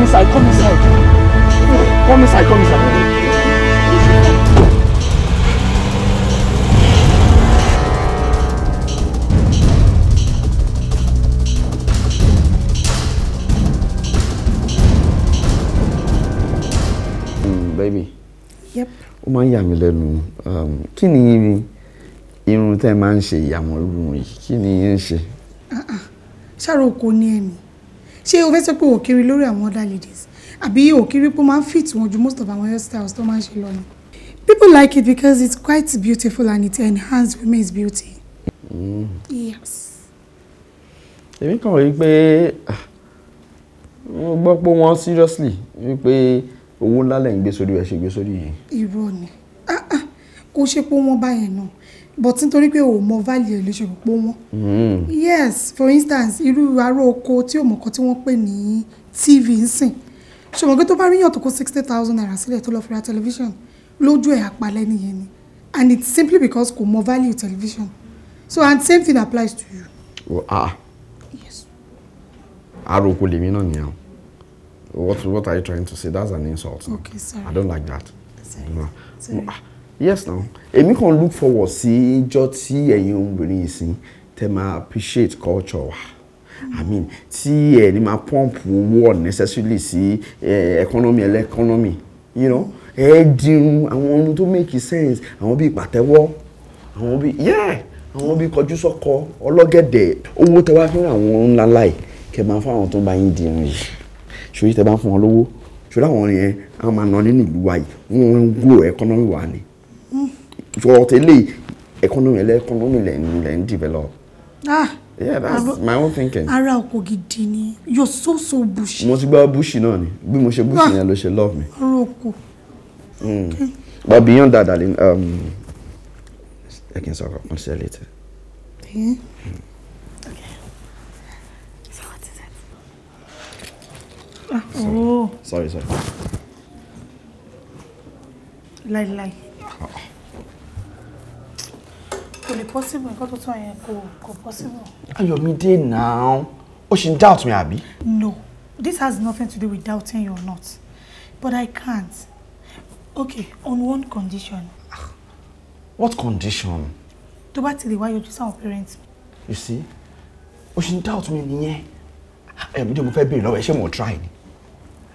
Come inside, come inside. Come inside, come inside. Mm, baby. Yep. ó máa ń yà mí lẹ́nu um, kí ni irun tẹ́ máa ń ṣe ìyàmọ̀ irun yìí kí ni yẹn ń ṣe. Ah, ah. ṣàròkò ni ẹ̀mí ṣé o fẹ́ sọ pé òkiri lórí àwọn other ladies àbí òkiri pé ó máa ń fit wọn ju most of our hairstyles tó máa ń ṣe lọ ni. people like it because it's quite beautiful and it enhances women's beauty. yes. èmi kàn rí i pé mo gbọ́ pé wọ́n seriously wípé owó ńlá lẹ̀ ń gbé sórí ẹ̀ ṣe gbé sórí yìí. irọ́ ni ah, ah. kò ṣe pé wọ́n báyẹn náà but nítorí pé o mọ value ẹ̀ ló ṣe hmm. yes for instance irú aró oko tí o mọ̀ kan tí wọ́n pè ní tv nsìn ṣùgbọ́n pé tó bá ríyàn tó kó sixty thousand naira sílẹ̀ tó lọ́ọ́ fi ra television lójú ẹ̀ apalẹ́ nìyẹn ni and it's simply because kò mọ value television so and same thing applies to you. Oh, ah. yes. aró oko lèmi náà nìyẹn what what are you trying to say that's an insult. okay sorry i don't like that. sorry no. sorry. Ah yes now èmi kàn look forward sí ijọ́ tí ẹ̀yin obìnrin yìí sìn tẹ́ máa appreciate culture wa. I mean tí ẹ ní máa pump owó unnecessarily sí economy ẹlẹ́kọ́nọ́mì you know ẹ dirun àwọn ohun tó make sense àwọn bíi pàtẹ́wọ́ àwọn bíi yeah àwọn bíi kọjú sọ́kọ ọlọ́gẹ̀dẹ̀ owó tẹ wá fún àwọn ńlá láì kẹ máa fún àwọn tó bá yín dirun yìí ṣòyí tẹ bá fún wọn lówó ṣòyí àwọn yẹn àwọn máa nọ nínú ìlú wa yìí wọn ń gbòòrò economy wa ni for tele economy le economy le le develop ah yeah that's my own thinking ara oko gidi ni you're so so bushy mo ti gba bushy náà ni bí mo ṣe bushy ah, yẹn ló ṣe love me ara oko mm but beyond that darling um I can talk about myself later yeah. Hmm. mm. sorry. Oh. Sorry, sorry. Lai, lai. Oh kò lè possible nǹkan tó tán yẹn kò kò possible. Ayọ̀mídé now ó she doubts me, mi no this has nothing to do with doubting you or not but I can't okay on one condition. what condition. To bá ti lè wá yọjú sáwọn parents you see ó ṣì ń doubt mi nìyẹn doing mo fẹ́ béèrè lọ́wọ́ ẹ ṣé mo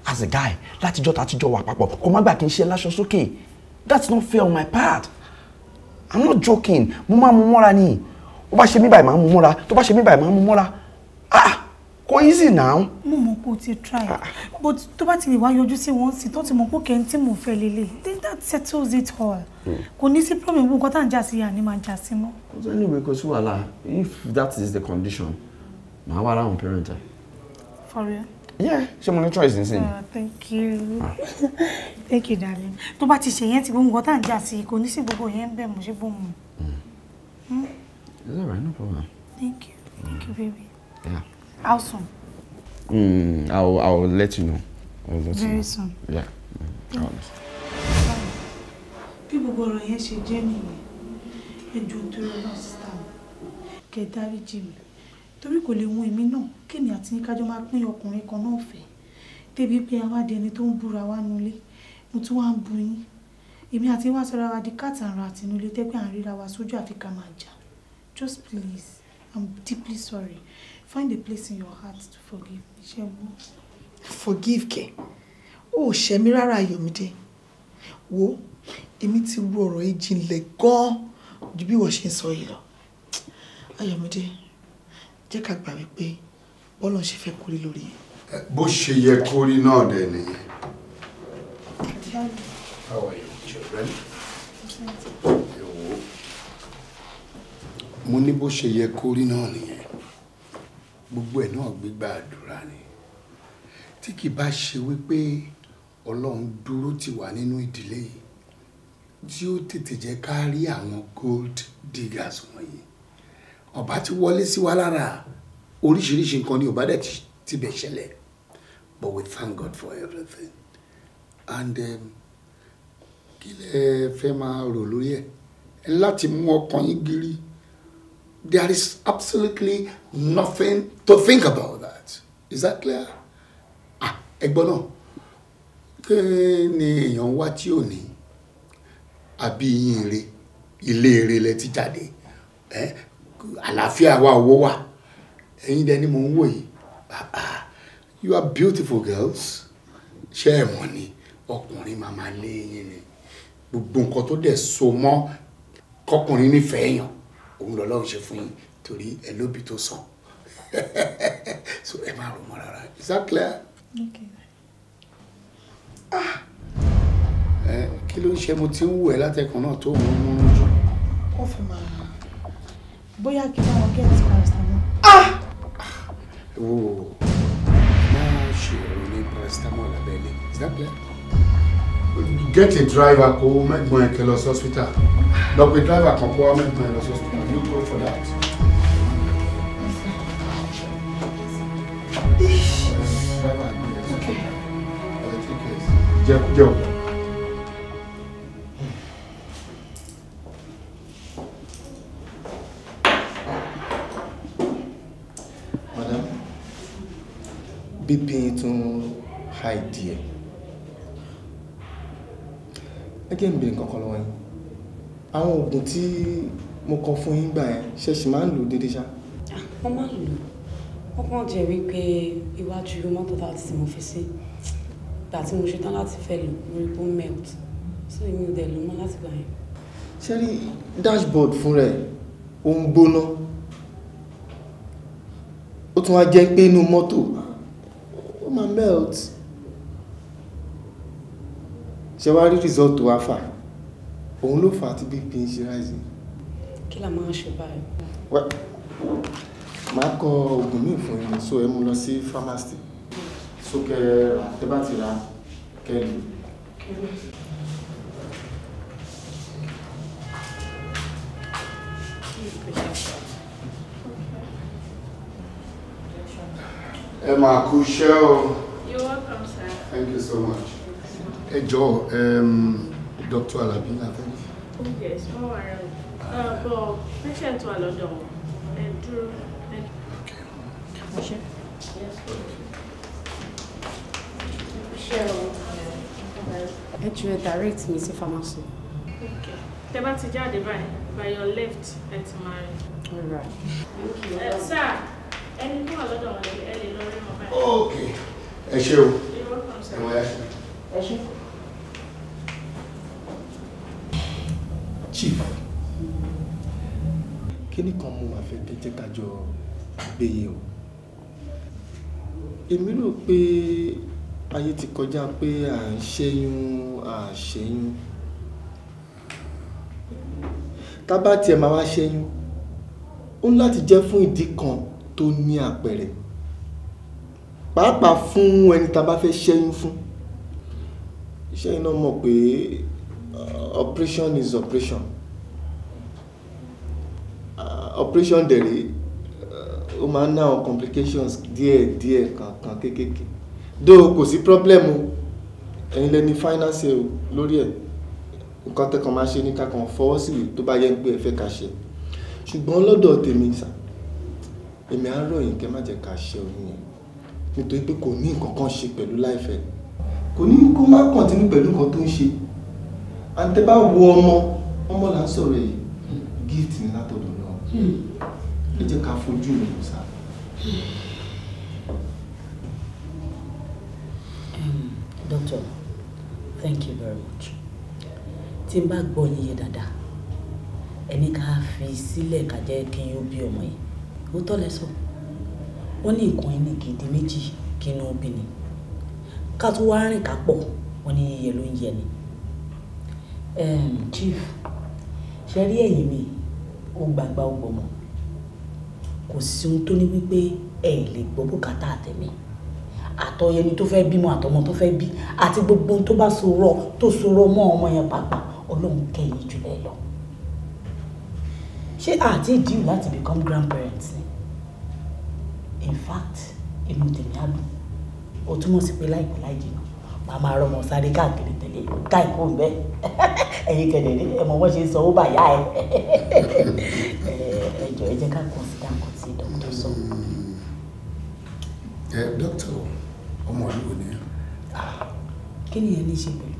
as a guy that's just that's papọ̀ kò má gbà kí n ṣe láṣọ sókè that's not fair on my part i'm not joking mo máa mú mọ́ra ni ó bá ṣe mí báyìí máa mú mọ́ra tó bá ṣe mí báyìí máa mú mọ́ra ah kò easy now. mo mọ̀ pé o ti try ah, ah. but tó bá ti lè wá yọjú sí wọn sí tó ti mọ̀ pé kẹ́hìn tí mo fẹ́ lélẹ̀ then that settles it all hmm. kò ní sí problem gbogbo tá à ń jà sí àní máa jà sí mọ́. anyway kò sí wàhálà if that is the condition màá wá láwọn parent ẹ. for real yeah ṣé mo ní choice nísìn. Ah, thank you thank you darling tó bá ti ṣe yẹn ti gbogbo nǹkan tá à ń jà sí kò ní sí gbogbo yẹn bẹ́ẹ̀ mo ṣe bó hmm. hmm? is that right no problem. thank you thank you baby. Yeah. how soon. Mm, I'll, I'll let you know. I'll let Very you know. soon. Yeah. Mm. I'll let bí gbogbo ọ̀rọ̀ yẹn ṣe jẹ́ nìyẹn ẹ ju tó lọ sísá kẹ dáríjì torí kò lè wun èmi náà kémi àti yín kájọ máa pín ọkùnrin kan náà fẹ́ débi pé a wá di ẹni tó ń búra wá nulé mo tún wá ń bu yín èmi àti wá sọra wa di kàtàrà àtinúlé tẹ́gbẹ́ à ń ríra wa sójú àfi ká máa jà just please i'm deeply sorry find a place in your heart to forgive me ṣe mo. forgive kẹ o ò ṣẹ mi rárá Ayọ̀mídé wo èmi ti ru ọ̀rọ̀ yìí jinlẹ̀ gan-an ju bí wọ́n ṣe ń sọ yìí lọ Ayọ̀mídé jẹ́ ká gbà wípé bọ́lọ̀ ṣe fẹ́ kórí lórí yẹn. bó ṣe yẹ kórí náà dẹ̀ nìyẹn. How are you, children? mo ní bó ṣe yẹ kórí náà nìyẹn gbogbo ẹ̀ náà gbígbà àdúrà ni tí kì bá ṣe wípé ọlọ́run dúró ti wà nínú ìdílé yìí tí ó tètè jẹ́ ká rí àwọn gold diggers wọ̀nyí ọ̀bá ti wọlé sí wa lára oríṣiríṣi nǹkan ni ọ̀bá dẹ̀ ti bẹ̀ ṣẹlẹ̀ but we thank God for everything and um, kí lẹ fẹ́ máa rò lórí ẹ̀ láti mú ọkàn yín gírí there is absolutely nothing to think about that is that clear ah ẹ̀gbọ́n náà kí ni èèyàn wá tí ò ní àbí yín ire ilé ire lẹ ti jáde àlàáfíà wa owó wa ẹ̀yin dẹni mo ń wò yìí you are beautiful girls ṣé ẹ mọ̀ ni ọkùnrin máa máa lé yín ni gbogbo nǹkan tó dẹ̀ so mọ́ kọkùnrin nífẹ̀ẹ́ yàn òun lọ́lọ́run ṣe fún yín torí ẹ lóbi tó sàn [laughs] so ẹ máa rò mọ́ rárá is that clear? Okay. ah kí ló ń ṣe mo ti ń wù ẹ́ látẹkùn náà tó ń mú un jù. ó fi máa bóyá kí n bá wọn get paracetamol. Ah! wo máa ṣe èrò paracetamol abẹ́lé is that clear. get a driver kó mẹ́gbọ́n ẹ̀ kẹ́ lọ sí hospital lọ pe driver kan kó wá mẹ́gbọ́n ẹ̀ lọ sí hospital you go for that. Okay. Okay. Jẹ́ tún hide ẹ̀ ẹ jẹ́ ń bèèrè nǹkan kan lọ́wọ́ yín àwọn oògùn tí mo kọ fún yín gbà yẹn ṣẹ̀ṣì máa ń lò déédéé ṣá. wọ́n ah, máa ń lò ó kàn jẹ́ wípé iwájú mọ́tò láti tí mo fi sí ìgbà tí mo ṣetán láti fẹ́ lò lórí bone melt sí mi ò dẹ̀ mọ́ láti gbà yẹn. ṣé rí dashboard fún rẹ̀ ó ń gbóná ó tún wá jẹ́ pé inú mọ́tò o máa melt ṣe wá rí result wa fà òun ló fà á tí bp ń ṣe rising. kí la máa ṣe báyìí. máa kọ oògùn míì fún yín so ẹ mú lọ sí pharmacy so kẹ ẹ bá ti ẹ máa kú iṣẹ́ o. You're welcome, sir. Thank you so much. ẹ jọ̀ọ́ Dr. Alabi látẹ́lẹ̀. Oh, yes wọ́n wà rẹ̀ bọ̀ patient wà lọ́dọ̀ wọn ẹ dúró ẹ dúró. Yes. ẹ ju ẹ direct mi sí pharmacy. tẹ bá ti jáde báyìí by your left ẹ ti máa rí. all right. thank you. Uh, sir ẹni tó wà lọ́dọ̀ wọn ẹ chief kíní kan mo wà fẹ́ tẹ́tẹ́ kájọ gbéyẹ̀ o èmi rò pé ayé ti kọjá pé à ń ṣẹ́yún à ń ṣẹ́yún tá bá tiẹ̀ máa wá ṣẹ́yún ó ní láti jẹ́ fún ìdí kan tó ní àpẹẹrẹ pàápàá fún ẹni tá a bá fẹ́ ṣẹ́yún fún ṣẹ́yìn náà mọ̀ pé uh, operation is operation uh, operation dẹ̀rẹ̀ uh, ó máa ń ná àwọn complications díẹ̀ díẹ̀ kankan kéékèèké dó kò sí problem o ẹ̀yin lẹ́ni finance o lórí ẹ̀ nǹkan tẹ́kàn máa ṣe ní kákan fọwọ́ sí tó bá yẹ pé ẹ fẹ́ ká ṣe ṣùgbọ́n lọ́dọ̀ tèmi sáà èmi á ròyìn kẹ́ má jẹ́ ká ṣe oyún yẹn nítorí pé kò ní nǹkan kan ṣe pẹ̀lú láìfẹ́ kò ní kó má kọ̀ntínú pẹ̀lú nǹkan tó ń ṣe àǹtẹ bá wo ọmọ ọmọ là ń sọ̀rọ̀ yìí gift ni látọ̀dọ̀ náà ẹ jẹ́ ká fojú mi wò sá. doctor thank you very much tí n bá gbọ́ yín yé dáadáa ẹni ká fi sílẹ̀ ká jẹ́ kí n yóò bí ọmọ yìí ó tọ́ lẹ́sọ̀ wọ́n ní nǹkan ẹni gidi méjì kí inú obìnrin ká tó wá rìn ká pọ̀ wọ́n ní yíyẹ ló ń yẹ ni. chief ṣe rí ẹ̀yìn mi ó gbàgbá ọgbọ̀mọ̀ kò sí ohun tó ní wípé ẹ̀ lè gbọ́ bùkátà àtẹ̀mí àtọyẹ ni tó fẹ́ bímọ àtọmọ tó fẹ́ bí àti gbogbo ohun tó bá sọ̀rọ̀ tó sọ̀rọ̀ mọ́ ọmọ yẹn pàápàá ọlọ́run kẹ́yìn jù lọ ṣé àti ìdíwù láti become grandparents ni in fact inú tèmi á dùn ó túmọ̀ sí pé láìpẹ́ láì jìnnà màá máa rọmọ sáré káàkiri tẹ̀lé káìkó ńbẹ [laughs] ẹ̀yin kẹ̀dẹ̀ ní ẹ̀ mọ̀ wọ́n ṣe ń sanwó bàyá ẹ̀ [laughs] ẹ jọ̀ọ́ ẹ jẹ́ ká kàn sí dáńkọ̀ tí dókítà sọ. ẹ dókítà ọmọ ìlú ni. Ah, kí ni ẹ ní í ṣe pẹ̀lú.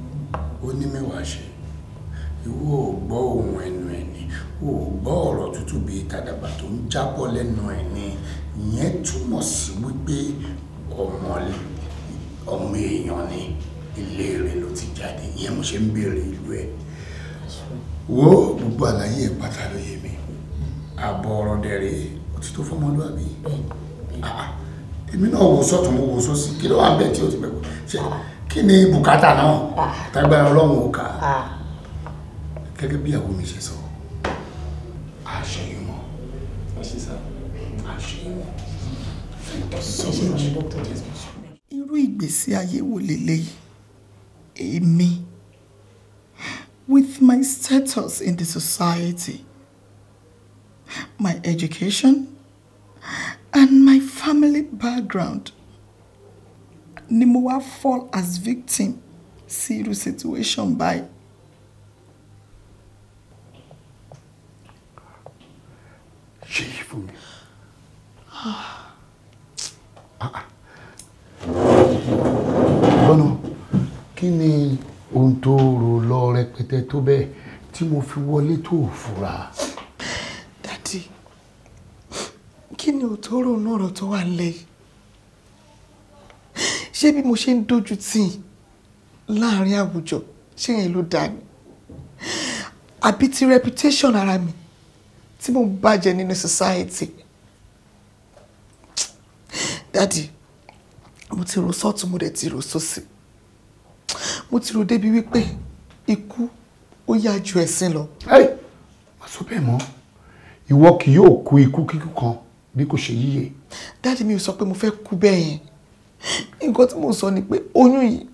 ó ní mẹ́wàá ṣe ìwọ ò gbọ́ ohun ẹnu ẹni ò gbọ́ ọ̀rọ̀ tútù bíi tàdàbà tó ń jábọ́ lẹ́nu ẹni ìyẹn túmọ̀ sí wípé ọmọ ọmọ èèyàn ni ilé rẹ̀ ló ti jáde ìyẹn mo ṣe ń béèrè ìlú ẹ̀ wo gbogbo àlàyé ẹ̀ pátá ló yé mi àbọ̀ ọ̀rọ̀ dẹ̀rẹ̀ òtítọ́ fọmọlúwàbí ah, ah. èmi náà wò sọ́tún mo wò sósì kí ló wà bẹ́ẹ̀ tí o ti bẹ̀rù ṣe kí ni bùkátà náà ah. tágbára ọlọ́run ò ká gẹ́gẹ́ bí àwọn mi ṣe sọ àṣeyọmọ irú ìgbésí ayé wo lélẹ́yìí èmi with my status in the society my education and my family background ni mo wá fall as victim sí irú situation by. She for me gbọ́nà kí ni ohun tó rò lọ rẹpẹtẹ tó bẹ́ẹ̀ tí mo fi wọlé tó fura. dadi kí ni ò tó rò ní ọ̀rọ̀ tó wà nílẹ̀ yìí ṣé bí mo ṣe ń dojú tì láàrin àwùjọ ṣé yẹn ló dáa ni àbí ti reputation ara mi tí mo bàjẹ́ nínú society dáàdì mo ti rò sọ́ọ̀tún mo dẹ̀ ti rò sósì mo ti rò débi wípé ikú ó yá ju ẹ̀sìn lọ. ẹ má sọ bẹ́ẹ̀ mọ́ ìwọ kì yóò kú ikú kíkú kan bí kò ṣe yíyẹ. dáàdì mi ò sọ pé mo fẹ́ kú bẹ́ẹ̀ yẹn nǹkan tí mo sọ ni pé oyún yìí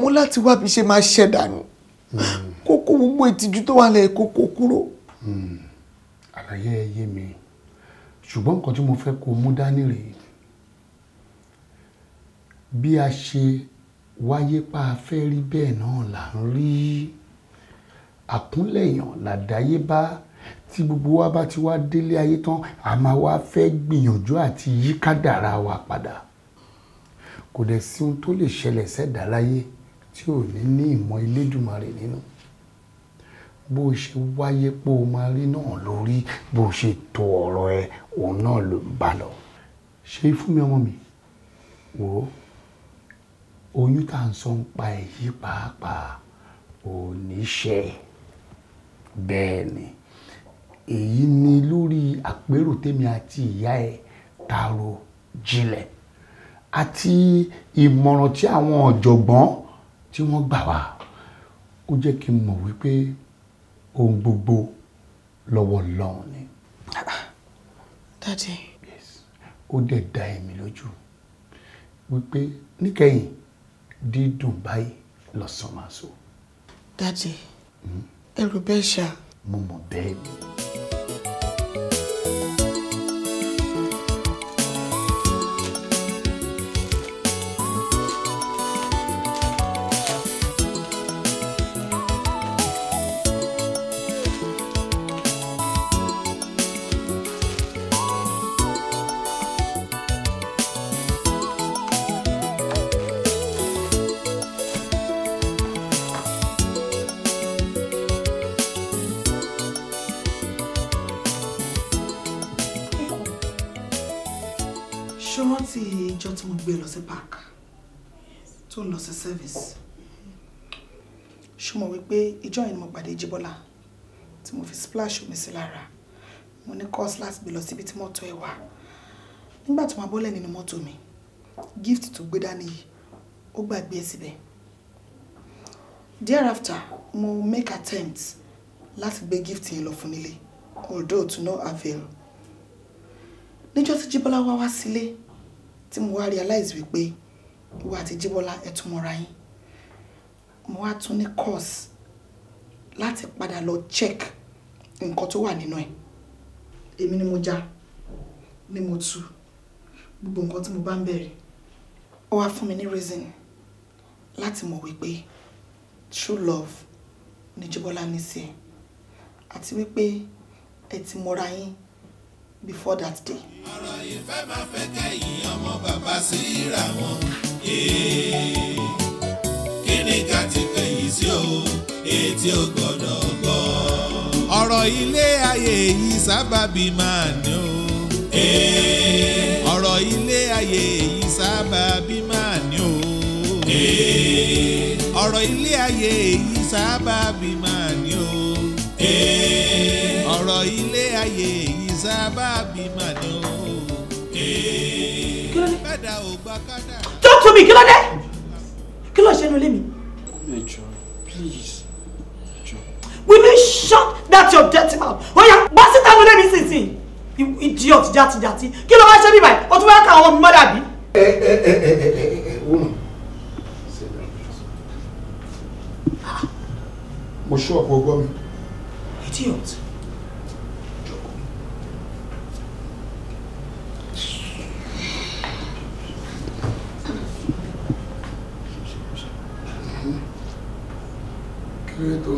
mo láti wá bí ṣe máa ṣẹ̀ dànù kókó hmm. gbogbo ìtìjú tó wà lẹ̀ kókó kúrò. Hmm. àlàyé ẹ yé mi ṣùgbọ́n nǹkan tí mo fẹ́ kó mú dání rèé bí a ṣe wáyé pa afẹ́ rí bẹ́ẹ̀ náà là ń rí àkúnlẹ̀yàn làdáyébá tí gbogbo wa bá ti wá délé ayé tán a máa wá fẹ́ gbìyànjú àti yí wa padà kò dẹ̀ sí ohun tó lè ṣẹlẹ̀ sẹ́dá láyé tí ò ní ní ìmọ̀ Elédùmarè nínú bó ṣe wáyé pé o máa rí náà lórí bó ṣe tó ọ̀rọ̀ ẹ òun náà ló ń bá lọ ṣe fún mi ọmọ mi wò ó oyún tá à ń sọ ń pa èyí pàápàá oníṣẹ́ bẹ́ẹ̀ ni èyí ni lórí àpérò tèmi àti ìyá ẹ̀ taro jinlẹ̀ àti ìmọ̀ràn tí àwọn ọ̀jọ̀gbọ́n tí wọ́n gbà wá ó jẹ́ kí n mọ̀ wípé ohun gbogbo lọ́wọ́ Ọlọ́run ni. Daddy. Yes ó dẹ̀ dá èmi lójú wípé níkẹyìn dídùn Dubai lọ́sàn máa so. dadi ẹrù bẹ́ẹ̀ ṣá. mo mọ̀ bẹ́ẹ̀ ni. Jibola, tí mo fi splash omi sí lára mo ní cause láti gbé lọ síbi tí mọ́tò ẹ̀ wà nígbà tó máa bọ́lẹ̀ nínú mọ́tò mi gift tó gbé dání yìí ó gbàgbé ẹ síbẹ̀ thereafter mo make attempt láti gbé gift yẹn lọ fún nílé although to no avail níjọ́ tí Jíbọ́lá wá wá sílé tí mo wá realize wípé ìwà àti Jíbọ́lá ẹ̀ tún mọ́ra yín mo wá tún ní course láti padà lọ check nǹkan tó wà nínú ẹ̀ èmi ni mo já ni mo tú gbogbo nǹkan tí mo bá ń bẹ̀rẹ̀ ó wá fún mi ní reason láti mọ̀ wípé true love ni Jíbọ́lá ní sí ẹ àti wípé ẹ ti mọra yín before that day. ọ̀rọ̀ ìfẹ́ máa fẹ́ kẹ́yìn ọmọ bàbá sí ra kí ni ká ti pè sí o etí ò gbọ́dọ̀ ọ̀rọ̀ ilé ayé yìí sábàbí máa ní o. Eh. ọ̀rọ̀ ilé ayé yìí sábàbí máa ní o. Eh. ọ̀rọ̀ ilé ayé yìí sábàbí máa ní o. Eh. ọ̀rọ̀ ilé ayé yìí sábàbí máa ní o. bẹ́ẹ̀ dá ògbà kádà. tó tóbi kí ló dé kí ló ṣe nu lé mi. shut that your dirty mouth Oh yeah, oya bá síta ló me mi sísìn idiot játijàti kí ló wá ṣe bíbáyìí o tún fẹ́ ká àwọn ọmọ dàbí. ẹ ẹ ẹ ẹ ẹ ẹ woman mo ṣọ́ ọ̀pọ̀ ọgbọ́n mi. idiot. 그래도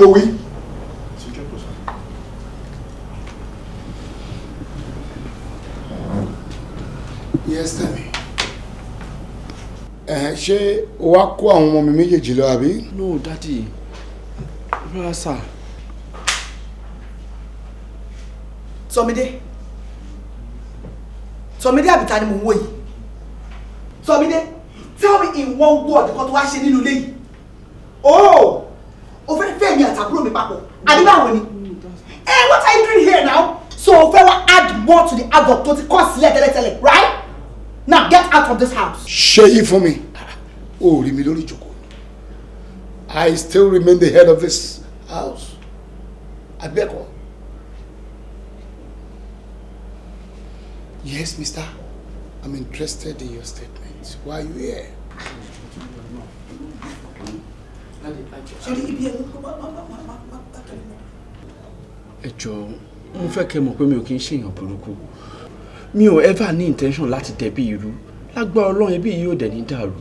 ló wí. yes tami ẹ eh, ṣé o wá kó àwọn ọmọ mi méjèèjì lọ àbí. no daddy. rárá sir. tọmídé tọmídé àbíta ni mò ń wò yìí tọmídé tell me in one word kó tó wá ṣe nínú ilé yìí. oh o fẹ́ fẹ́ mi àtàbúrò mi papọ̀ àdébáwò ni ẹ eh, what are you doing here now so o fẹ́ wá add more to the havoc tó ti kọ́ sílẹ̀ tẹ́lẹ̀tẹ́lẹ̀ right now get out of this house. ṣe yìí fún mi o rí mi lórí ìjòkó I still remain the head of this house abẹ́kọ̀ọ́ yes mister I'm interested in your statement why are you here. ṣorí ibi ẹnu má má má má má má tẹ̀lé mọ́. ẹ jọ mo fẹ́ kẹ́ mọ̀ pé mi ò kí ń ṣèyàn burúkú mi ò ever ní intention láti tẹ̀bí irú lágbára ọlọ́run ẹbí yìí ò dẹ̀ ní dàrú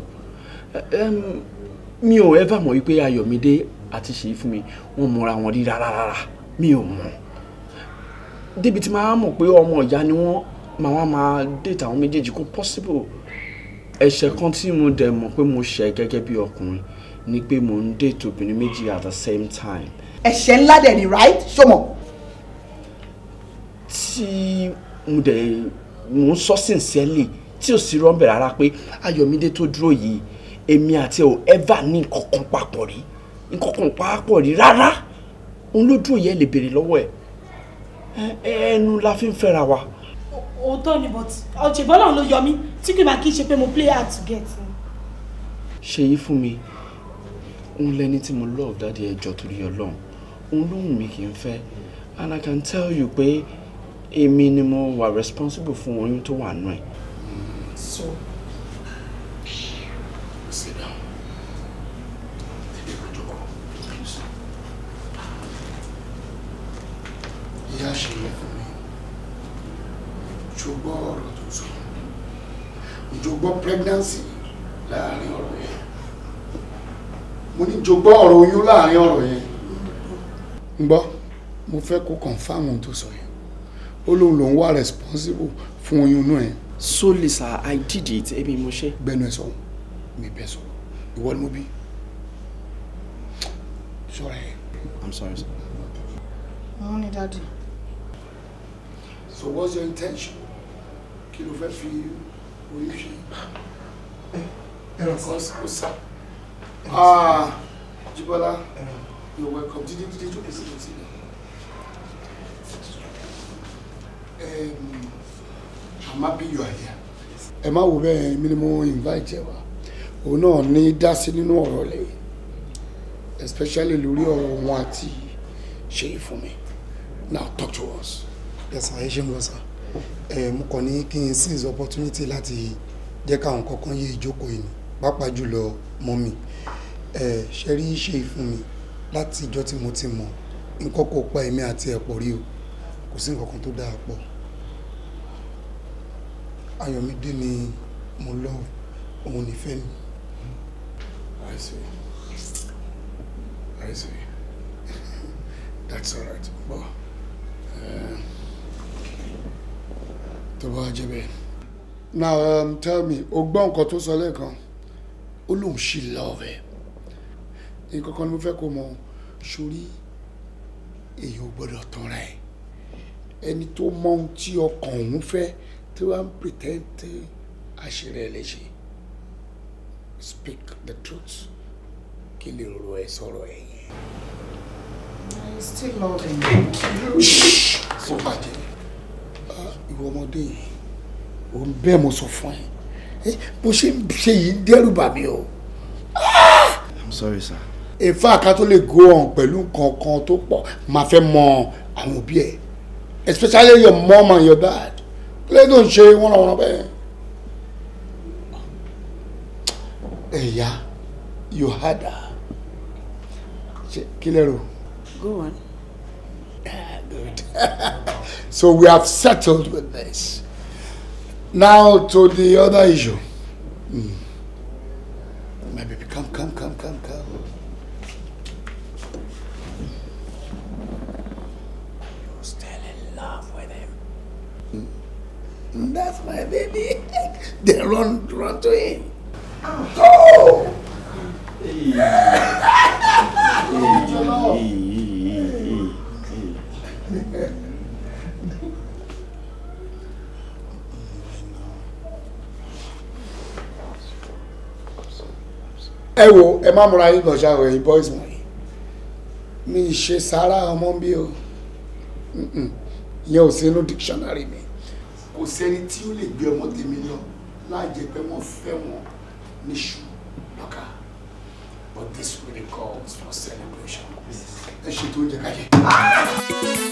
mi ò ever mọ̀ wípé ayọ̀mídé àti ṣèyí fún mi wọ́n mọra wọn rí rárá rárá mi ò mọ̀ débi tí máa mọ̀ pé ọmọ ìyá ni wọ́n máa wá máa déètà àwọn méjèèjì kó possible ẹ̀ṣẹ̀ kan tí mo dẹ̀ mọ̀ pé mo ṣẹ̀ gẹ́gẹ́ bí ọkùnrin ni pé mò ń date obìnrin méjì at the same time. ẹ̀ṣẹ̀ ńlá dẹ̀ ni right ṣọmọ. tí mo dẹ̀ mò ń sọ sincerely tí ò sí rọ́ńbẹ̀ rárá pé ayọ̀mídé tó dúró yìí èmi àti ò ever ní nǹkankan papọ̀ rí nǹkankan papọ̀ rí rárá òun ló dúró yẹ lè béèrè lọ́wọ́ ẹ̀ ẹnu la fi ń fẹ́ra wa. òótọ́ ni but ọ̀jẹ̀bọ́lá ló yọ mí tí kì máa kí n ṣe pé mo play hard to get. ṣe yí fún mi òun lẹni tí mo love dáàdi ẹjọ́ torí ọlọ́run òun ló wù mí kì í fẹ́ and i can tell you pé èmi ni mo wà responsible fún oyún tó wà nù ẹ̀. so sit down tẹ̀lé ìrọ̀jọ́ kan please. ìyá ṣe yẹ fún mi ṣùgbọ́n ọ̀rọ̀ tó sọ ṣùgbọ́n pregnancy láàrin ọ̀rọ̀ yẹn mo ní jogbọ́ ọ̀rọ̀ oyún láàrin ọ̀rọ̀ yẹn gbọ́ mo fẹ́ kó confam ohun tó sọ yẹn ó lóun lòun wà responsible fún oyún náà yẹn. solely sir i did it èmi mo ṣe. gbẹnu ẹ sọ̀rọ̀ mi bẹ sọ̀rọ̀ ìwọ ni mo bí ṣọ́ra ẹ. i'm sorry sir. mo ní dáàdi. so what's your intention kí ló fẹ́ fi oyún ṣe. ẹ ẹ rọ kọ́ sí kó sá. Ah, Jibola, you're welcome. Did you, did you visit the city? Um, I'm happy you are here. Emma, má wo bẹ́ẹ̀ mi ni mo invite ẹ wá. no náà ní dá sí nínú Especially lórí ọ̀rọ̀ wọn for me. Now talk to us. Yes, sir. Ẹ ṣe ń gbọ́ sá. Mo kàn ní kí n seize opportunity láti jẹ́ káwọn kọ̀ọ̀kan yé ìjókòó yìí ni. pàápàá jùlọ mọ́mì ẹ ṣe rí ṣe ìfún mi láti ìjọ́ tí mo ti mọ nǹkan kò pa èmi àti ẹ̀pọ̀ rí o kò sí nǹkan kan tó dáa pọ̀ Ayọ̀mídé ni mo lọ òun nífẹ̀ẹ́ mi. I see. I see. That's all right. But, uh, tó bá jẹ́ bẹ́ẹ̀. Now um, tell me o gbọ́ nǹkan tó sọ lẹ́ẹ̀kan. ó lóun ṣì lọ́ọ̀fẹ́ nǹkan kan ni mo fẹ́ kó mọ sórí èyí ò gbọ́dọ̀ tanra ẹ̀ ẹni tó mọ ohun tí ọkàn òun fẹ́ tí wọ́n ń pìtẹ́ǹtì àṣírí ẹ̀ speak the truth kí lè ro ẹ sọ̀rọ̀ ẹ̀ yẹn. I still love you. Ṣé ah, ìwọ ọmọdé yìí ò ń bẹ́ẹ̀ mo sọ fún ẹ. Eh, bó ṣe ṣe yìí dẹ́rù bà mí o. Ah! i'm sorry sir. ìfá kan tó lè go on pẹ̀lú nǹkan kan tó pọ̀ máa fẹ́ mọ àwọn òbí ẹ̀ especially your mom and your dad lẹ́yìn tó ń ṣe wọ́nàwọ́nà bẹ́ẹ̀. ẹ̀yà eh, you had her. ṣe kí lẹ́rù. go on. Ah, good. [laughs] so we have settled with this. Now to the other issue. Mm. My baby, come, come, come, come, come. You're still in love with him. Mm. That's my baby. [laughs] they run, run to him. Oh! Hey. hey. hey. ẹ wo ẹ má múra yín gànṣá o ẹ̀yin boys wọ̀nyí mi ṣe sára ọmọ bí o ìyẹn ò sí dictionary mi kò sẹ́ni tí ó lè gbé ọmọ tèmi lọ láàjẹ pé wọ́n fẹ́ wọn níṣu lọ́ka but this really calls for celebration ẹ ṣètò oúnjẹ kájẹ.